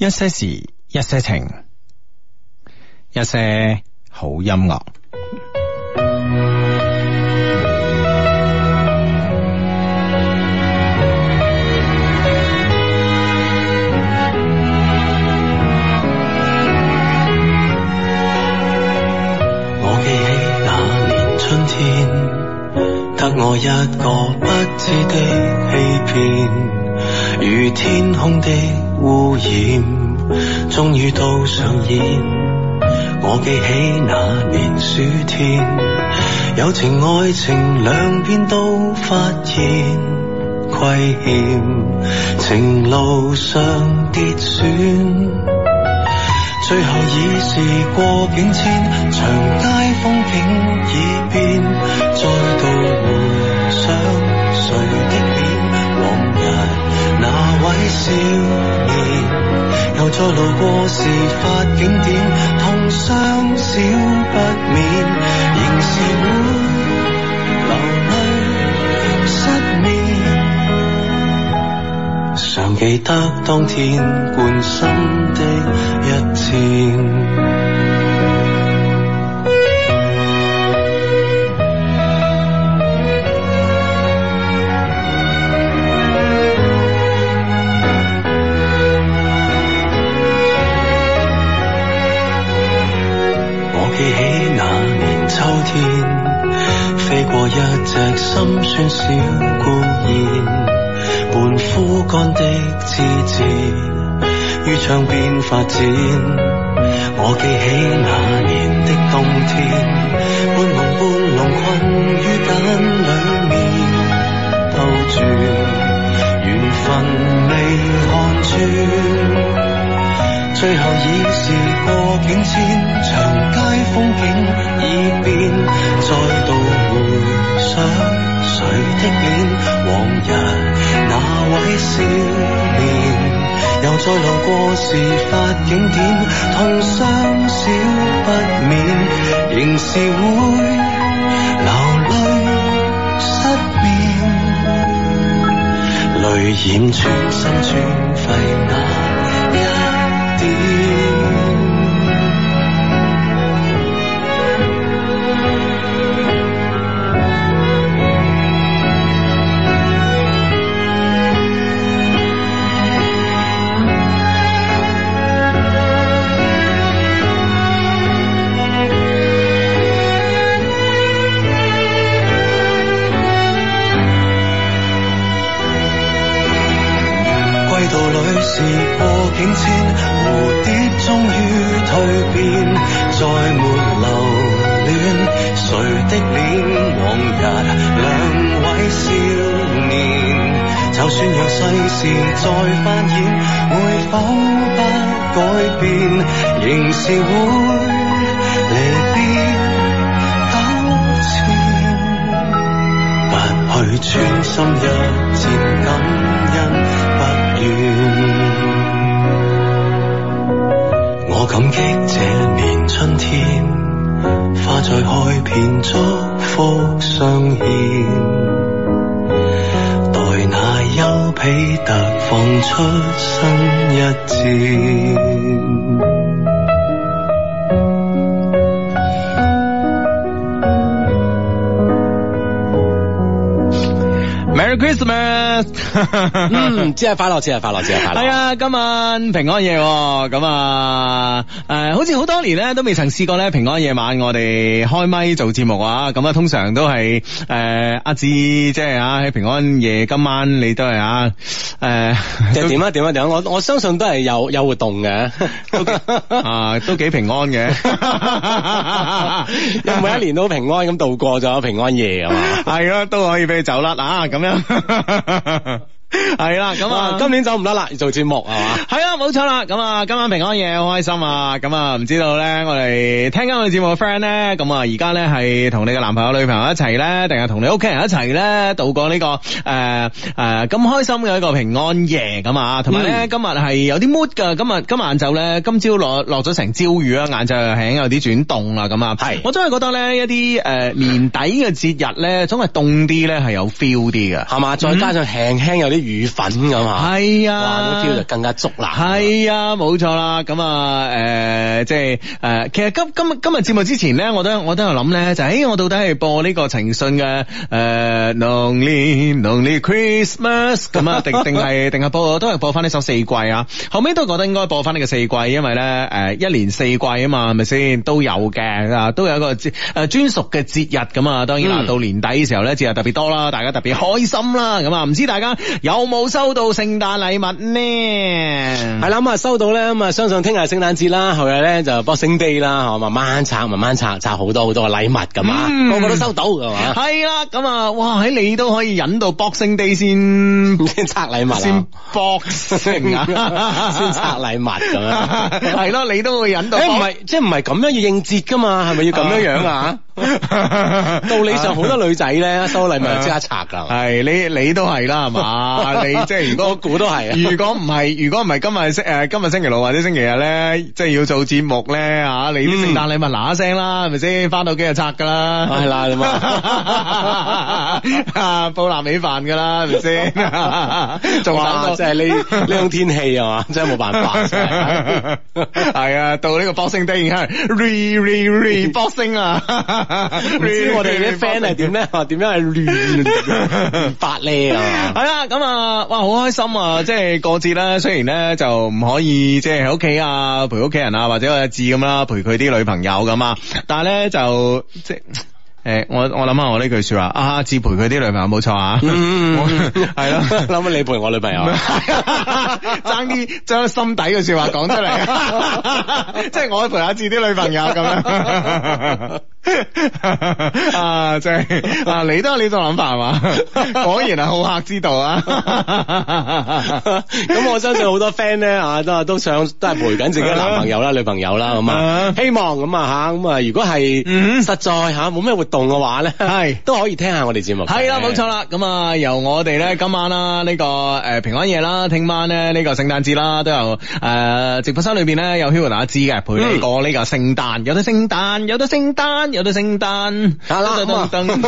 一些事，一些情，一些好音樂。我記起那年春天，得我一個不知的欺騙，如天空的。污染終於都上演，我記起那年暑天，友情愛情兩邊都發現虧欠，情路上跌損，最後已是過境遷，長街風景已變，再度回想誰的？位少年，又再路過，事發景點痛傷少不免，仍是會流淚失眠。常記得當天貫心的一箭。飛過一隻心酸小孤燕，半枯乾的枝節於窗邊發展。我記起那年的冬天，半夢半朧，困於燈裏面兜轉，緣分未看穿。最後已是過境遷，長街風景已變，再度回想誰的臉，往日那位少年，又再路過事發景點，痛傷少不免，仍是會流淚失眠，淚染穿心酸。事過境遷，蝴蝶終於蛻變，再沒留戀。誰的臉，往日兩位少年，就算讓世事再發現？會否不改變，仍是會離別糾纏。不去穿心一箭感恩。我感激這年春天，花再開遍，祝福相牽。待那丘比特放出新一箭。Merry Christmas， 嗯，節日快樂，節日快樂，節日快樂。係啊，今晚平安夜、哦，咁、嗯、誒、嗯，好似好多年咧都未曾試過咧平安夜晚，我哋開咪做節目啊。咁、嗯、啊，通常都係誒、嗯、阿志，即、就、係、是、啊喺平安夜今晚你都係啊。誒，呃、即係點啊？點 啊點我我相信都係有有活動嘅，都 啊都幾平安嘅，因為又每一年都平安咁度過咗平安夜係嘛？係咯、 啊、都可以俾你走啦啊咁樣。 係啦，咁啊，哇今年就唔得啦，要做節目係嘛？係啊， 冇錯啦。咁啊，今晚平安夜好開心啊！咁啊，唔知道咧，我哋聽緊我哋節目嘅 friend 咧，咁啊，而家咧係同你嘅男朋友、女朋友一齊咧，定係同你屋企人一齊咧，度過呢、這個誒誒咁開心嘅一個平安夜咁啊。同埋咧，今日係有啲 mood 噶。今日今日晏晝咧，今朝落落咗成朝雨啊，晏晝又輕有啲轉凍啦。咁啊，係是。我真係覺得咧，一啲誒、呃、年底嘅節日咧，總係凍啲咧，係有 feel 啲嘅，係嘛吧？嗯、再加上輕輕有啲。魚粉咁啊，係啊，嗰、這、條、個、就更加足、啊、啦，係啊，冇錯啦。咁啊，誒，即係誒、呃，其實今今日今日節目之前咧，我都我都有諗咧，就誒、是欸，我到底係播呢個陳奕迅嘅誒《Lonely、呃、Lonely Christmas》咁啊，定定係定係播都係播翻呢首四、啊《四季》啊。後尾都覺得應該播翻呢個《四季》，因為咧誒一年四季啊嘛，係咪先都有嘅，都有一個誒專屬嘅節日咁啊。當然啦，嗯、到年底嘅時候咧，節日特別多啦，大家特別開心啦。咁啊，唔知大家，有冇收到聖誕禮物呢？係啦，咁啊，收到咧，咁啊相信聽日聖誕節啦，後日咧，就 Boxing Day 啦，嗬，慢慢拆慢慢拆，拆好多好多嘅禮物噶嘛，嗯、個個都收到噶嘛。係啦咁啊，哇，喺你都可以忍到 Boxing Day 先先拆禮物，先 Boxing 啊，先拆禮物咁樣。係咯，你都會忍到、欸。唔係， 即係唔係咁樣要應節噶嘛？係咪要咁樣樣啊？ 道理上好多女仔咧收禮物即刻拆噶，係 你你都係啦係嘛？ 你即係如果估都係。如果唔係，如果唔係今日星誒今日星期六或者星期日咧，即係要做節目咧吓、啊，你啲聖誕禮物嗱一聲、啊、 啦，係咪先？翻、 啊、 到屋企哇 就拆噶啦，係啦嘛，啊煲臘味飯噶啦，係咪先？哇！即係呢呢種天氣係嘛，真係冇辦法。係啊，到呢個 Boxing Day 突然間 re re re Boxing 啊！ 唔 知我哋啲 friend 係點咧？話點 樣係亂發 啊？係啊， 咁啊，哇，好開心啊！即係過節啦，雖然咧就唔可以即係喺屋企啊陪屋企人啊，或者我阿志咁啦，陪佢啲女朋友咁啊，但係咧就即。 誒、欸，我我諗下我呢句說話，阿、啊、志陪佢啲女朋友冇錯啊，嗯，係咯，諗下 你陪我女朋友，爭啲將心底嘅說話講出嚟， 即係我陪阿志啲女朋友咁樣 啊、就是，啊，即係嗱，你都有呢種諗法係嘛，果然係好客之道啊，咁 我相信好多 friend 咧啊，都都想都係陪緊自己嘅男朋友啦， 女朋友啦，咁、嗯、啊，希望咁啊吓，咁、嗯、啊，如果係、嗯嗯、實在吓冇咩活動，嘅話咧，係都可以聽下我哋節目。係啦、啊，冇的錯啦。咁啊，由我哋咧今晚啦呢、這個誒、呃、平安夜啦，聽晚咧呢、這個聖誕節啦，都有誒直播室裏邊咧有 Hugo 大家知嘅陪你過呢個聖誕。有得聖誕，有得聖誕，有得聖誕，有得聖誕，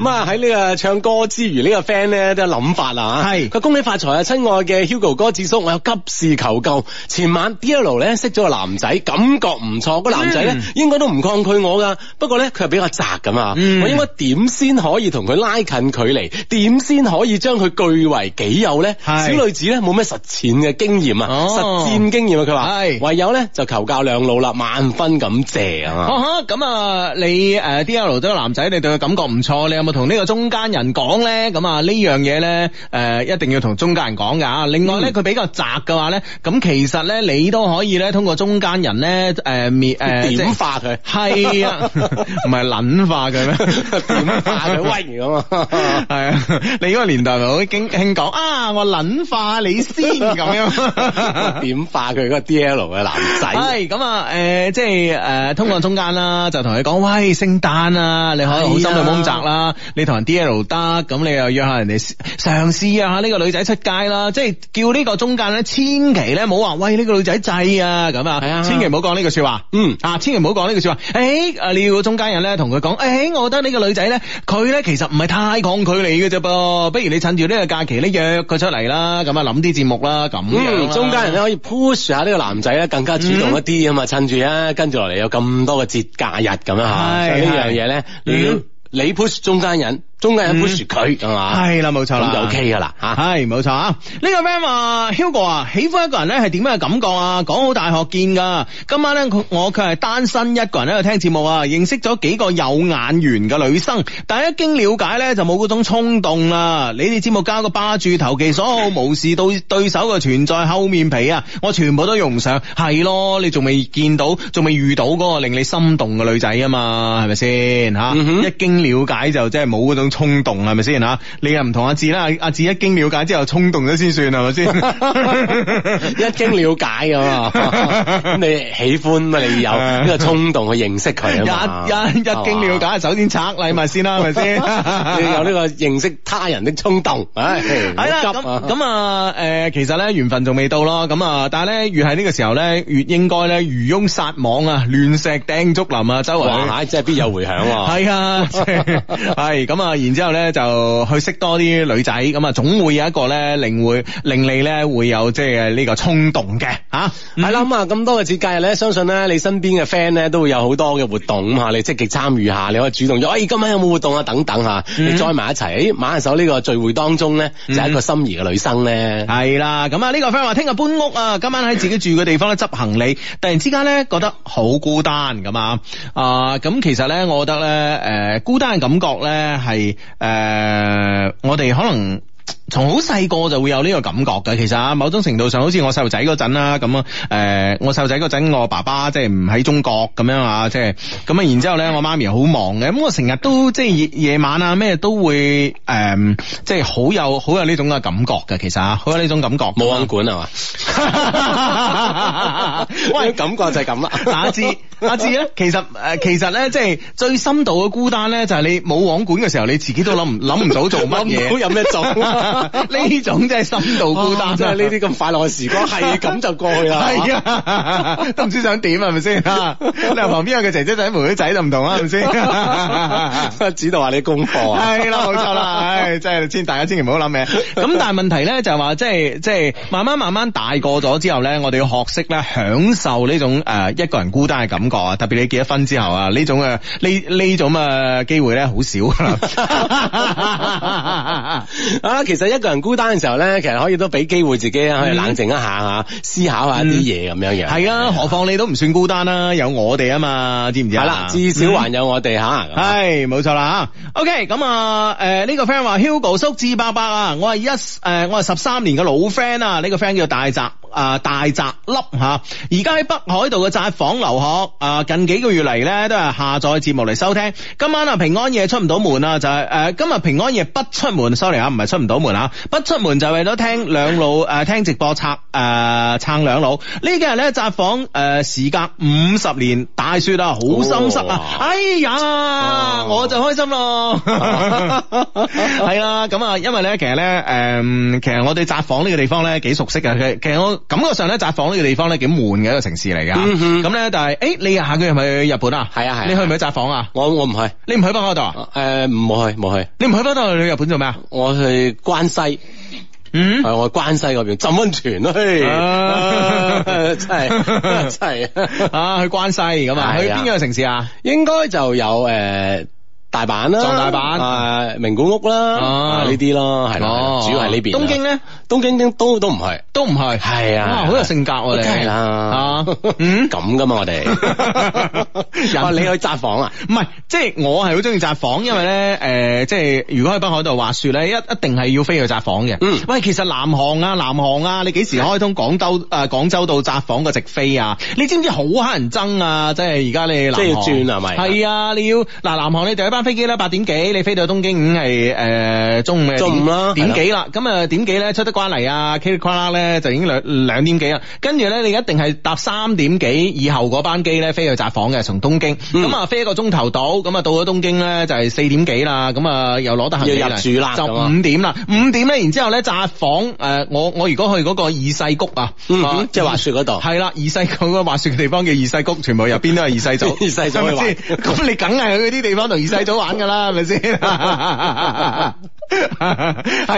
咁啊喺呢個唱歌之餘，呢個 friend 咧都有諗法啦。係的，佢恭喜發財啊，親愛嘅 Hugo 哥智叔，我有急事求救。前晚 D L 咧識咗個男仔，感覺唔錯。個男仔咧、嗯、應該都唔抗拒我㗎。不過咧佢係比較～嗱咁啊，嗯、我應該點先可以同佢拉近距離？點先可以將佢據為己有咧？是小女子咧冇咩實踐嘅經驗啊，哦、實戰經驗啊，佢話係唯有咧就求教兩老啦，萬分感謝啊！咁啊、嗯，你誒 D L 都男仔，你對佢感覺唔錯，你有冇同呢個中間人講咧？咁啊呢樣嘢咧誒一定要同中間人講噶，另外咧佢、嗯、比較宅嘅話咧，咁其實咧你都可以咧通過中間人咧誒滅誒點化佢係啊，同埋能。 點化佢咩？點化佢威咁啊？係啊！你嗰個年代咪好興興講啊！我捻化你先咁樣， 點化佢個 D L 嘅男仔。係咁、 哎、啊！誒、呃，即係誒、呃，通過中間啦，就同佢講喂，聖誕啊，你可好，好心對冇咁窄啦。啊、你同人 D L 得，咁你又約下人哋嘗試啊，呢、這個女仔出街啦。即係叫呢個中間咧，千祈咧唔好話喂呢、這個女仔制啊咁啊、嗯、啊，千祈唔好講呢個說話。嗯啊，千祈唔好講呢個說話。誒，你要個中間人咧同佢。講誒、欸，我覺得呢個女仔咧，佢咧其實唔係太抗拒你嘅啫噃，不如你趁住呢個假期，呢約佢出嚟啦，咁啊諗啲節目啦，咁樣、嗯、中間人咧可以 push 下呢個男仔咧，更加主動一啲啊嘛，嗯、趁住是啊，跟住落嚟有咁多嘅節假日咁樣吓，呢樣嘢咧你要你 push 中間人。中間有一杯雪糕，係嘛、嗯？係啦，冇錯啦，就 OK 噶啦，吓，係冇錯啊。呢、啊這個咩 Hugo 啊，喜歡一個人咧係點樣嘅感覺啊？講好大學見噶，今晚咧我佢係單身一個人喺度聽節目啊，認識咗幾個有眼緣嘅女生，但係一經了解咧就冇嗰種衝動啦、啊。你哋節目加個巴住投其所好，無視到對手嘅存在厚面皮啊，我全部都用唔上。係咯，你仲未見到，仲未遇到嗰個令你心動嘅女仔啊嘛？係咪先吓？嗯、哼一經了解就即係冇嗰種。衝動係咪先吓？你又唔同阿志啦，阿阿志一經了解之後衝動咗先算係咪先？一經了解咁，咁你喜歡咪你要有呢個衝動去認識佢？一一一經了解，首先拆禮物先啦，係咪先？要有呢個認識他人的衝動。係，係啦。咁咁啊，誒，其實咧緣分仲未到咯。咁啊，但係咧越係呢個時候咧，越應該咧漁翁撒網啊，亂石掟竹林啊，周圍吓，即係必有回響。係啊，係咁啊。然之後咧就去識多啲女仔咁啊，總會有一個咧令會令你咧會有即係呢個衝動嘅吓，係啦咁啊咁、mm hmm. 多嘅節假日咧，相信咧你身邊嘅 friend 咧都會有好多嘅活動咁吓，你積極參與下，你可以主動咗，哎今晚有冇活動啊？等等吓，mm hmm. 你 join 埋一齊，哎，馬下手呢個聚會當中咧，就係一個心儀嘅女生咧，係啦咁啊呢個 friend 話聽日搬屋啊，今晚喺自己住嘅地方咧執行李，突然之間咧覺得好孤單咁啊，啊、呃、咁其實咧我覺得咧誒、呃、孤單嘅感覺咧係。誒，uh, 我哋可能。從好細個就會有呢個感覺嘅，其實啊，某種程度上好似我細路仔嗰陣啦，咁啊，誒，我細路仔嗰陣我爸爸即係唔喺中國咁樣啊，即係咁啊，然之後咧我媽咪又好忙嘅，咁我成日都即係夜晚啊咩都會誒、呃，即係好有好有呢種嘅感覺嘅，其實啊，好有呢種感覺冇網管係嘛，喂，感覺就係咁啦。打字，阿志咧，其實誒，其實咧即係最深度嘅孤單咧，就係、是、你冇網管嘅時候，你自己都諗唔諗唔到做乜嘢， 有咩做、啊。呢種真係深度孤單啫，呢啲咁快樂嘅時光係咁 就過去啦，係啊， 都唔知想點係咪先？你旁邊有個姐姐仔妹妹仔就唔同啦，係咪先？指導下你功課啊，係啦，冇錯啦，唉，真係千大家千祈唔好諗咩。咁 但係問題咧就係、是、話，即係即係慢慢慢慢大個咗之後咧，我哋要學識咧享受呢種誒、呃、一個人孤單嘅感覺啊！特別你結咗婚之後啊，呢種誒呢呢種誒機會咧好少啊， 其實。一個人孤單嘅時候咧，其實可以都俾機會自己咧，可以冷靜一下吓，嗯、思考下啲嘢咁樣樣。係啊的，何況你都唔算孤單啦，有我哋啊嘛，知唔知啊？係啦，至少還有我哋吓。係、嗯，冇錯、啊、啦吓。OK，咁、嗯、啊，誒、呃、呢、這個 friend 話 Hugo 叔智伯伯、呃這個呃、啊，我係一誒我係十三年嘅老 friend 啊，呢個 friend 叫大宅啊大宅粒吓，而家喺北海道嘅宅房留學啊，近幾個月嚟咧都係下載節目嚟收聽。今晚啊平安夜出唔到門啊，就係、是、誒、呃、今日平安夜不出門 Sorry 啊，唔係出唔到門啊。不出門就為咗聽兩老誒，聽直播拆誒，撐兩老呢幾日咧扎房誒，時隔五十年，大雪都好心塞啊！哎呀，我就開心咯，係啦。咁啊，因為咧，其實咧，誒，其實我對扎房呢個地方咧幾熟悉嘅。其實我感覺上咧，扎房呢個地方咧幾悶嘅一個城市嚟噶。咁咧，但係誒，你下個月係咪去日本啊？係啊係。你去唔去扎房啊？我我唔去。你唔去翻嗰度？誒，唔去，唔去。你唔去翻度去日本做咩啊？我去關西嗯，係、啊、我去關西嗰邊浸溫泉咯，嘿， 真係真係啊，去關西咁啊，去邊個城市啊？應該就有誒。呃大阪啦，大阪啊，名古屋啦，呢啲咯，係啦，主要係呢邊。東京咧，東京都都都唔係，都唔係，係啊，好有性格我哋。係啦，咁噶嘛我哋。哇，你去札幌啊？唔係，即係我係好中意札幌，因為咧，誒，即係如果喺北海道滑雪咧，一一定係要飛去札幌嘅。喂，其實南航啊，南航啊，你幾時開通廣州啊，廣州到札幌嘅直飛啊？你知唔知好乞人憎啊？即係而家你南航。即係要轉係咪？係啊，你要嗱，南航你第一飛機咧，八點幾，你飛到東京已經係誒中午嘅，中午啦點幾啦，咁啊點幾咧出得關嚟啊，Kakar 咧，就已經兩兩點幾啦，跟住咧你一定係搭三點幾以後嗰班機咧飛去札幌嘅，從東京，咁啊飛一個鐘頭到，咁啊到咗東京咧就係四點幾啦，咁啊又攞得行李入住啦，就五點啦，五點咧，然之後咧札幌誒，我我如果去嗰個二世谷啊，即係滑雪嗰度係啦，二世谷嗰個滑雪嘅地方叫二世谷，全部入邊都係二世二世，咁你梗係去嗰啲地方同二世都玩噶啦，係咪先？係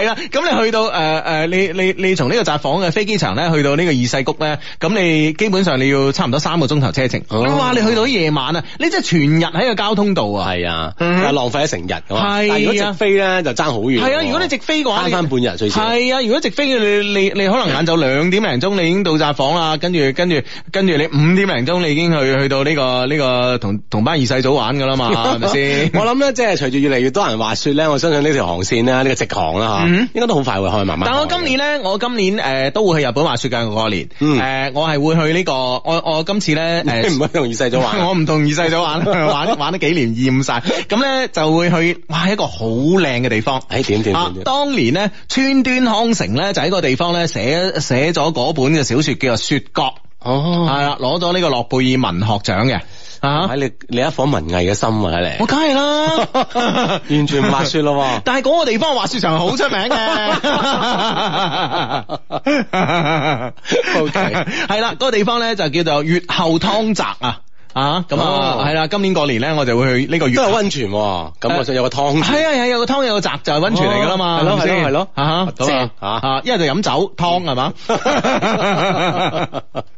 啦，咁你去到誒誒、呃，你你你從呢個扎幌嘅飛機場咧，去到呢個二世谷咧，咁你基本上你要差唔多三個鐘頭車程。哦、哇！你去到夜晚啊，的你即係全日喺個交通度啊，係啊的，係、嗯、浪費咗成日。係的，但係如果直飛咧就爭好遠。係啊，如果你直飛嘅話，翻半日最少。係啊，如果直飛嘅你你你,你可能晏晝兩點零鐘你已經到扎幌啦，跟住跟住跟住你五點零鐘你已經去去到呢、這個呢、這個同同班二世祖玩噶啦嘛，係咪先？我諗咧，即係隨住越嚟越多人滑雪咧，我相信呢條航線咧，呢、這個直航啦吓，嗯、應該都好快會開慢慢開。但係我今年咧，我今年誒、呃、都會去日本滑雪嘅過、那個、年。誒、嗯呃，我係會去呢、這個，我我今次咧誒，唔、呃、好同二細咗玩。我唔同二細咗玩，玩玩咗幾年厭晒。咁咧就會去，哇，一個好靚嘅地方。誒、哎，點點點。當年呢，川端康成咧就喺個地方咧寫寫咗嗰本嘅小說，叫做《雪國》。哦。係啦、啊，攞咗呢個諾貝爾文學獎嘅。啊！睇你你一顆文藝嘅心喎、啊，睇嚟。我梗係啦， 完全唔滑雪咯。 但係嗰個地方滑雪場係好出名嘅。O K，係啦，嗰個地方咧就叫做越後湯澤啊。啊，咁啊，係啦，今年過年咧，我就會去呢個，都係溫泉，咁我就有個湯，係啊係啊，有個湯有個閘就係溫泉嚟噶啦嘛，係咯係咯係咯，啊哈，即係一係就飲酒湯係嘛，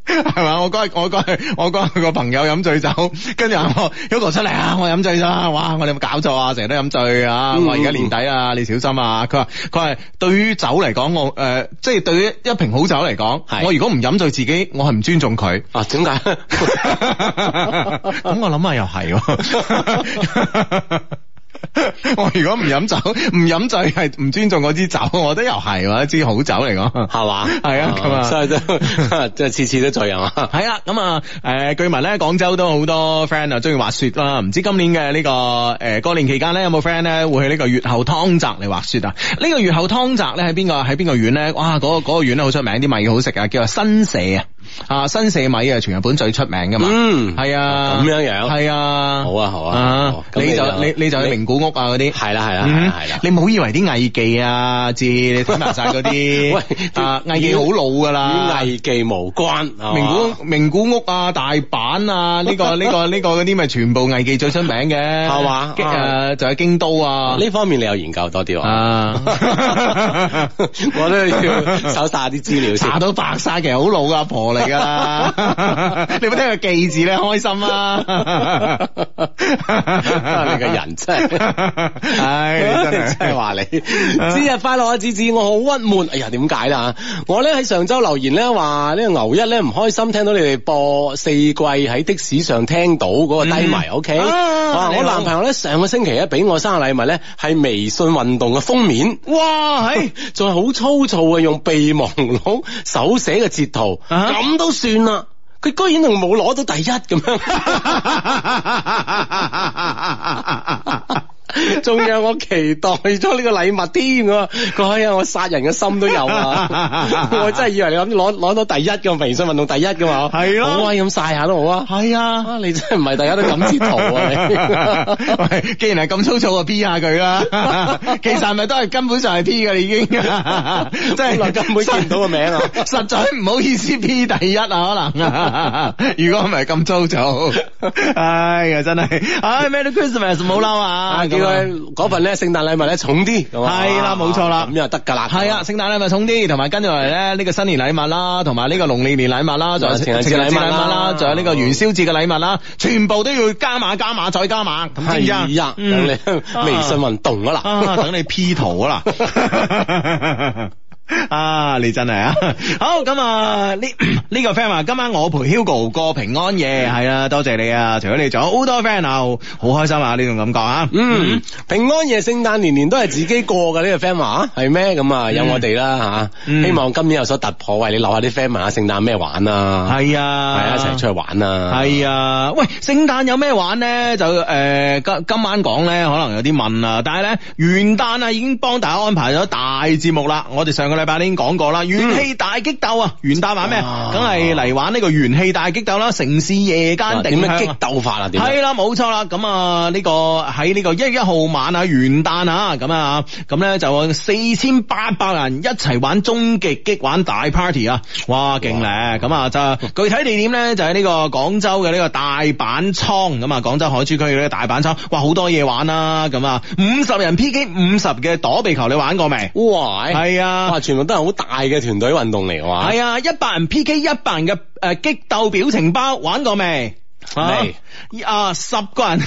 係嘛，我嗰日我嗰我嗰個朋友飲醉酒，跟住阿 Yoko 出嚟啊，我飲醉咗，哇，我哋有冇搞錯啊？成日都飲醉啊，我話而家年底啊，你小心啊，佢話佢話對於酒嚟講，我誒，即係對於一瓶好酒嚟講，我如果唔飲醉自己，我係唔尊重佢啊，點解？咁 我諗下又係，我如果唔飲酒唔飲醉係唔尊重嗰支酒，我覺得又係嘛，一支好酒嚟講 哈，係嘛，係啊，咁、 嗯、啊，即係次次都醉啊。嘛，係啦，咁啊，誒，據聞咧，廣州都有好多 friend 啊，中意滑雪啦，唔知今年嘅呢、這個誒過年期間咧，有冇 friend 咧會去呢個越後湯澤嚟滑雪啊？呢、這個越後湯澤咧喺邊個喺邊個縣咧？哇，嗰、那個嗰、那個縣咧好出名，啲米好食啊，叫做新潟啊。啊，新四米啊，全日本最出名噶嘛。嗯，係啊，咁樣樣。係啊，好啊，好啊。啊，你就你你就去名古屋啊嗰啲。係啦係啦，係啦。你唔好以為啲藝妓啊，字睇埋晒嗰啲。喂，藝妓好老噶啦，與藝妓無關。名古名古屋啊，大阪啊，呢個呢個呢個嗰啲咪全部藝妓最出名嘅，係嘛？誒，仲有京都啊，呢方面你有研究多啲。我都要搜晒啲資料先。查到白晒，其實好老噶，阿婆。嚟 噶，你冇聽佢記字咧，開心啊！ 你個人真係，唉、 哎，你真係 真係話你，節日快樂啊！志志，我好鬱悶。哎呀，點解咧？我咧喺上周留言咧，話呢、這個牛一咧唔開心，聽到你哋播四季喺的士上聽到嗰個低迷。O K，我男朋友咧上個星期一俾我生日禮物咧，係微信運動嘅封面。哇，係仲係好粗糙啊！用備忘錄手寫嘅截圖。啊啊咁都算啦，佢居然仲冇攞到第一咁樣。仲有我期待咗呢個禮物添，啊！嗰、哎、啲我殺人嘅心都有啊！我真係以為你諗攞攞到第一嘅微信運動第一㗎嘛？係咯、啊，好威咁晒下都好啊！係啊，啊，你真係唔係大家都咁截圖啊！你！喂，既然係咁粗糙，造，P 下佢啦、啊。其實係咪都係根本上係 P 㗎你已經，真係 根本見唔到個名啊。啊！實在唔好意思 P 第一啊，可能、啊、如果唔係咁粗糙！哎呀真係、哎，哎，Merry Christmas，唔好嬲啊！嗰份咧，聖誕禮物咧重啲，係啦的，冇哇錯啦，咁又得㗎啦，係啊，聖誕禮物重啲，同埋跟住嚟咧，呢個新年禮物啦，同埋呢個農曆年禮物啦，仲有情人節禮物啦，仲有呢個元宵節嘅禮物啦，全部都要加碼加碼再加碼。咁二一，嗯，等你微信運動㗎啦、啊 啊，等你 P 圖㗎啦。 啊，你真係啊， 好咁啊，呢呢個 friend 話，今晚我陪 Hugo 過平安夜，係啊，多謝你啊，除咗你仲有好多 friend 啊，好開心啊，呢種感覺啊，嗯，平安夜聖誕年年都係自己過噶呢、呢個 friend 話，係咩咁啊有、啊、我哋啦吓，希望今年有所突破，喂，你留下啲 friend 問下聖誕咩玩啊，係啊，係啊，一齊出去玩啊，係啊，喂，聖誕有咩玩咧就誒今、呃、今晚講咧可能有啲問啊，但係咧元旦啊已經幫大家安排咗大節目啦，我哋上禮拜我已經講過啦，元氣大激鬥啊！元旦玩咩？梗係嚟玩呢個元氣大激鬥啦、啊！城市夜間定、啊、激鬥法啊！係啦，冇錯啦。咁啊，呢、啊嗯這個喺呢個一月一號晚啊，元旦啊，咁、嗯、啊，咁、嗯、咧就四千八百人一齊玩終極激玩大 party 啊！哇，勁咧、啊！咁啊哇、嗯嗯、就具體地點咧就喺呢、這個廣州嘅呢個大板倉咁啊，廣、嗯嗯、州海珠區嘅呢個大板倉，哇，好多嘢玩啦！咁啊，五、嗯、十人 P K 五十嘅躲避球，你玩過未？喂哇！係啊！嗯嗯全部都係好大嘅團隊運動嚟嘅話，係啊，一百人 P K 一百人嘅，誒、呃、激鬥表情包，玩過未？未啊，啊！十個人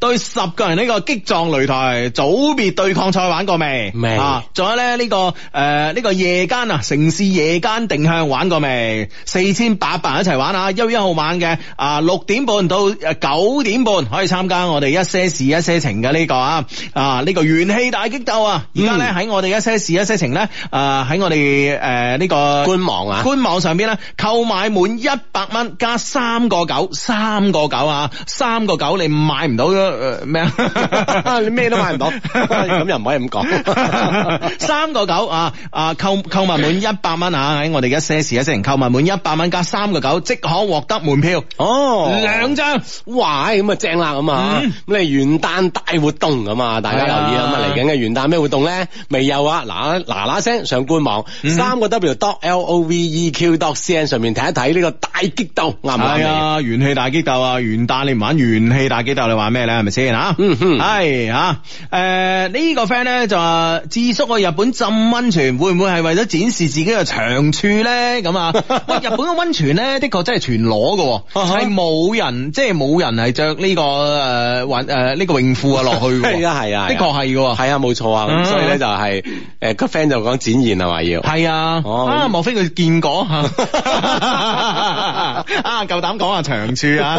對十個人呢個激撞擂台組別對抗賽玩過未？未啊！仲有咧，呢個誒呢個夜間啊城市夜間定向玩過未？四千八百人一齊玩啊！一月一號晚嘅啊，六點半到誒九點半可以參加我哋一些事一些情嘅呢個啊啊呢個元氣大激鬥啊！而家咧喺我哋一些事一些情咧啊，喺我哋誒呢個官網啊官網上邊咧購買滿一百蚊，加三個九三。三個九啊，三個九你買唔到嘅咩啊？你咩都買唔到，咁又唔可以咁講。三個九啊啊購購物滿一百蚊啊喺我哋嘅 Sesame 購物滿一百蚊加三個九即可獲得門票哦，兩張哇咁啊正啦咁啊咁你元旦大活動咁啊，大家留意啊咁啊嚟緊嘅元旦咩活動咧？未有啊嗱嗱嗱聲上官網三個 W dot L O V E Q dot C N 上面睇一睇呢個大激鬥啱唔啱？係啊，元氣大激鬥。啊元旦你唔玩元氣大雞鬥你玩咩咧係咪先吓？嗯哼，係啊，誒、啊哎啊這個、呢個 friend 咧就話智叔去日本浸温泉會唔會係為咗展示自己嘅長處咧？咁啊，喂， 日本嘅温泉咧的確真係全裸嘅，係冇、啊、人即係冇人係着呢個誒運誒呢個泳褲啊落去。係啊係啊，的確係嘅，係啊冇錯啊，啊啊所以咧就係、是、誒、啊、個 friend 就講展現係嘛要。係啊，啊，啊莫非佢見過吓啊？夠膽講啊長處啊！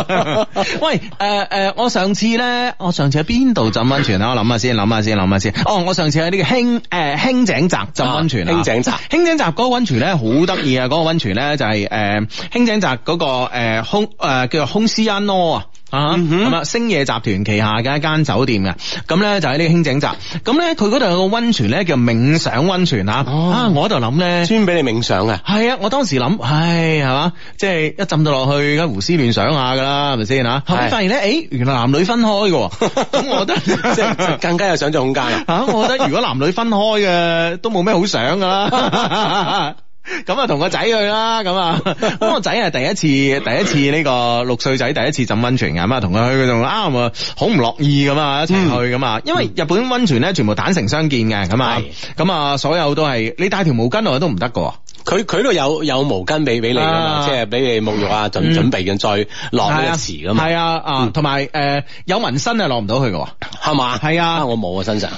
喂，誒、呃、誒、呃，我上次咧，我上次喺邊度浸温泉啊？我諗下先，諗下先，諗下先。哦，我上次喺呢個輕誒、呃、輕井澤浸温泉、啊，輕井澤，輕井澤嗰個温泉咧好得意啊！嗰、那個温泉咧就係、是、誒、呃、輕井澤嗰、那個誒、呃、空誒、呃，叫做空絲庵啊。啊，咁啊、嗯，星野集團旗下嘅一間酒店嘅，咁咧就喺呢個興景宅。咁咧佢嗰度有個溫泉咧叫冥想溫泉啊，哦、啊，我喺度諗咧專俾你冥想嘅，係啊，我當時諗，唉，係嘛，即、就、係、是、一浸到落去，而家胡思亂想下噶啦，係咪先啊？後尾發現咧，誒、哎，原來男女分開嘅，咁 我覺得即係更加有想象空間啦。啊， 我覺得如果男女分開嘅，都冇咩好想噶啦。 咁啊，同個仔去啦，咁啊，咁個仔係第一次，第一次呢、這個六歲仔第一次浸温泉啊，咁啊，同佢去佢仲啱啊，好唔樂意咁啊，一齊去咁啊，因為日本温泉咧，全部坦誠相見嘅，咁啊，咁啊，所有都係你帶條毛巾落去都唔得噶，佢佢度有有毛巾俾俾你噶，啊、即係俾你沐浴、嗯準嗯、啊，就準備嘅再落去一池噶嘛，係啊啊，同埋誒有紋、呃、身啊落唔到去噶，係嘛吧，係啊，啊啊我冇啊身上。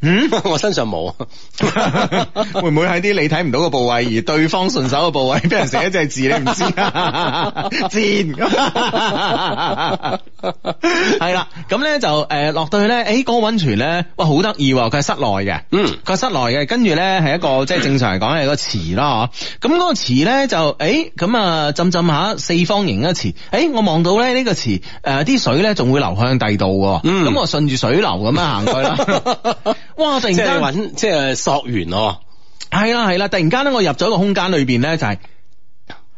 嗯， 我身上冇， 會唔會喺啲你睇唔到嘅部位，而對方順手嘅部位俾人寫一隻字，你唔知先？係 啦賤笑，咁咧就誒落到去咧，誒、欸、嗰、那個溫泉咧，哇好得意，佢係室內嘅，嗯，佢係室內嘅，跟住咧係一個即係正常嚟講係個池啦，嗬，咁個池咧就誒咁啊浸浸下四方形嘅池，誒、欸、我望到咧呢個池誒啲、呃、水咧仲會流向地度，咁、嗯、我順住水流咁樣行去啦。 哇！突然間即係搵即係索完咯，係啦係啦！突然間咧，我入咗個空間裏邊咧，就係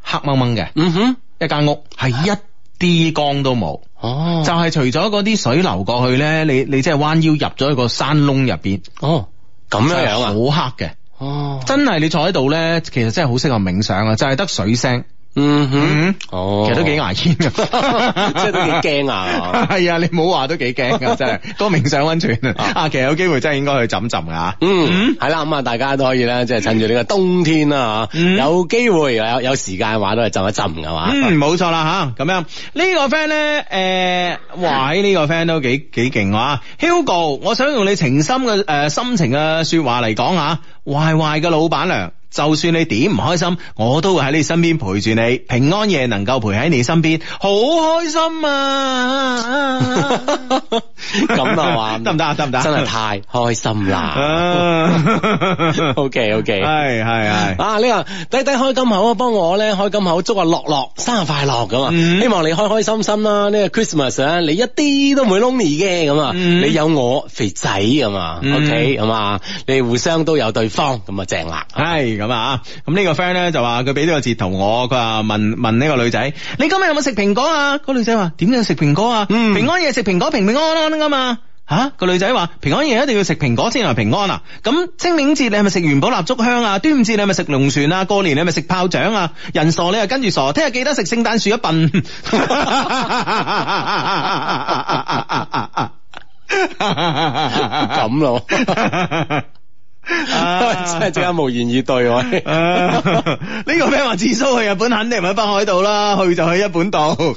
黑蒙蒙嘅。嗯哼，間一間屋係一啲光都冇。哦，就係除咗嗰啲水流過去咧，你你即係彎腰入咗一個山窿入邊。哦，咁樣樣啊，好黑嘅。哦， 真係你坐喺度咧，其實真係好適合冥想啊，就係、是、得水聲。嗯哼，哦，其實都幾牙煙嘅，即係都幾驚啊！係啊，你唔好話都幾驚嘅，真係多冥上溫泉啊！啊， 其實有機會真係應該去浸浸嘅。嗯，係啦，咁啊，大家都可以咧，即係趁住呢個冬天啦，有機會有有時間嘅話都係浸一浸嘅嘛。嗯，冇錯啦吓，咁樣、這個、呢個 friend 咧，誒、呃，哇！呢、這、呢個 friend 都幾幾勁哇！Hugo，我想用你情深嘅誒心情嘅說話嚟講下，壞壞嘅老闆娘。就算你點唔開心，我都會喺你身邊陪住你。平安夜能夠陪喺你身邊，好開心啊！咁啊嘛，得唔得啊？得唔得？ 真係太開心啦、uh、 ！OK OK，係係係啊！呢個低低開金口啊，幫我咧開金口祝阿樂樂生日快樂咁啊！嗯、希望你開開心心啦！呢、這個 Christmas 啊，你一啲都唔會 lonely 嘅咁啊！嗯、你有我肥仔啊 OK 係啊！嗯 okay? 你互相互都有對方咁啊正啦！係。咁啊，咁、這個、呢個 friend 咧就話佢俾咗個字頭我，佢話問問呢個女仔，你今日有冇食蘋果啊？個女仔話，點樣食蘋果啊？嗯、平安夜食蘋果，平平安安啊嘛。吓，個、啊、女仔話平安夜一定要食蘋果先係平安啊。咁清明節你係咪食元寶蠟燭香啊？端午節你係咪食龍船啊？過年你係咪食炮仗啊？人傻你又跟住傻，聽日記得食聖誕樹一笨。咁咯。真係即刻無言以對喎！呢個 friend 話自蘇去日本肯定唔喺北海道啦，去就去一本道。啲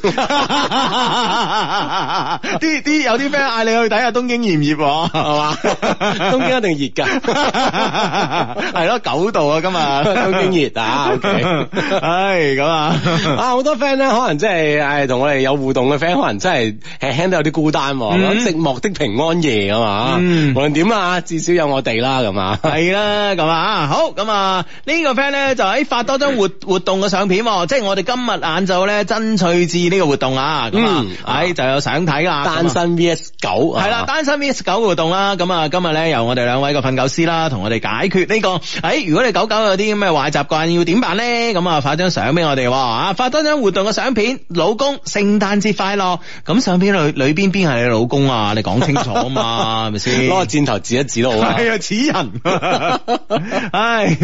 啲有啲 friend 嗌你去睇下東京熱唔熱，係嘛？東京一定熱噶，係咯九度啊！今日東京熱啊，OK 係咁啊！啊好多 friend 咧，可能真係唉同我哋有互動嘅 friend，可能真係輕輕都有啲孤單，寂寞的平安夜啊嘛！無論點啊，至少有我哋啦咁啊！係 啦咁啊，好咁啊，這個、fan, 呢個 friend 咧就喺發多張活活動嘅相片、啊，即係我哋今日晏晝咧爭取至呢個活動啊，咁、嗯、啊，唉，就有相睇啦單 9,、啊啊，單身 V S 狗，係啦，單身 V S 狗活動啦、啊，咁啊，今日咧由我哋兩位個訓狗師啦，同我哋解決呢、這個，誒，如果你狗狗有啲咁嘅壞習慣，要點辦咧？咁啊，發張相俾我哋啊，啊，發多張活動嘅相片，老公，聖誕節快樂。咁相片裏裏邊邊係你老公啊？你講清楚啊嘛，係咪先攞個箭頭指一指都好啊？係啊，此人。 唉，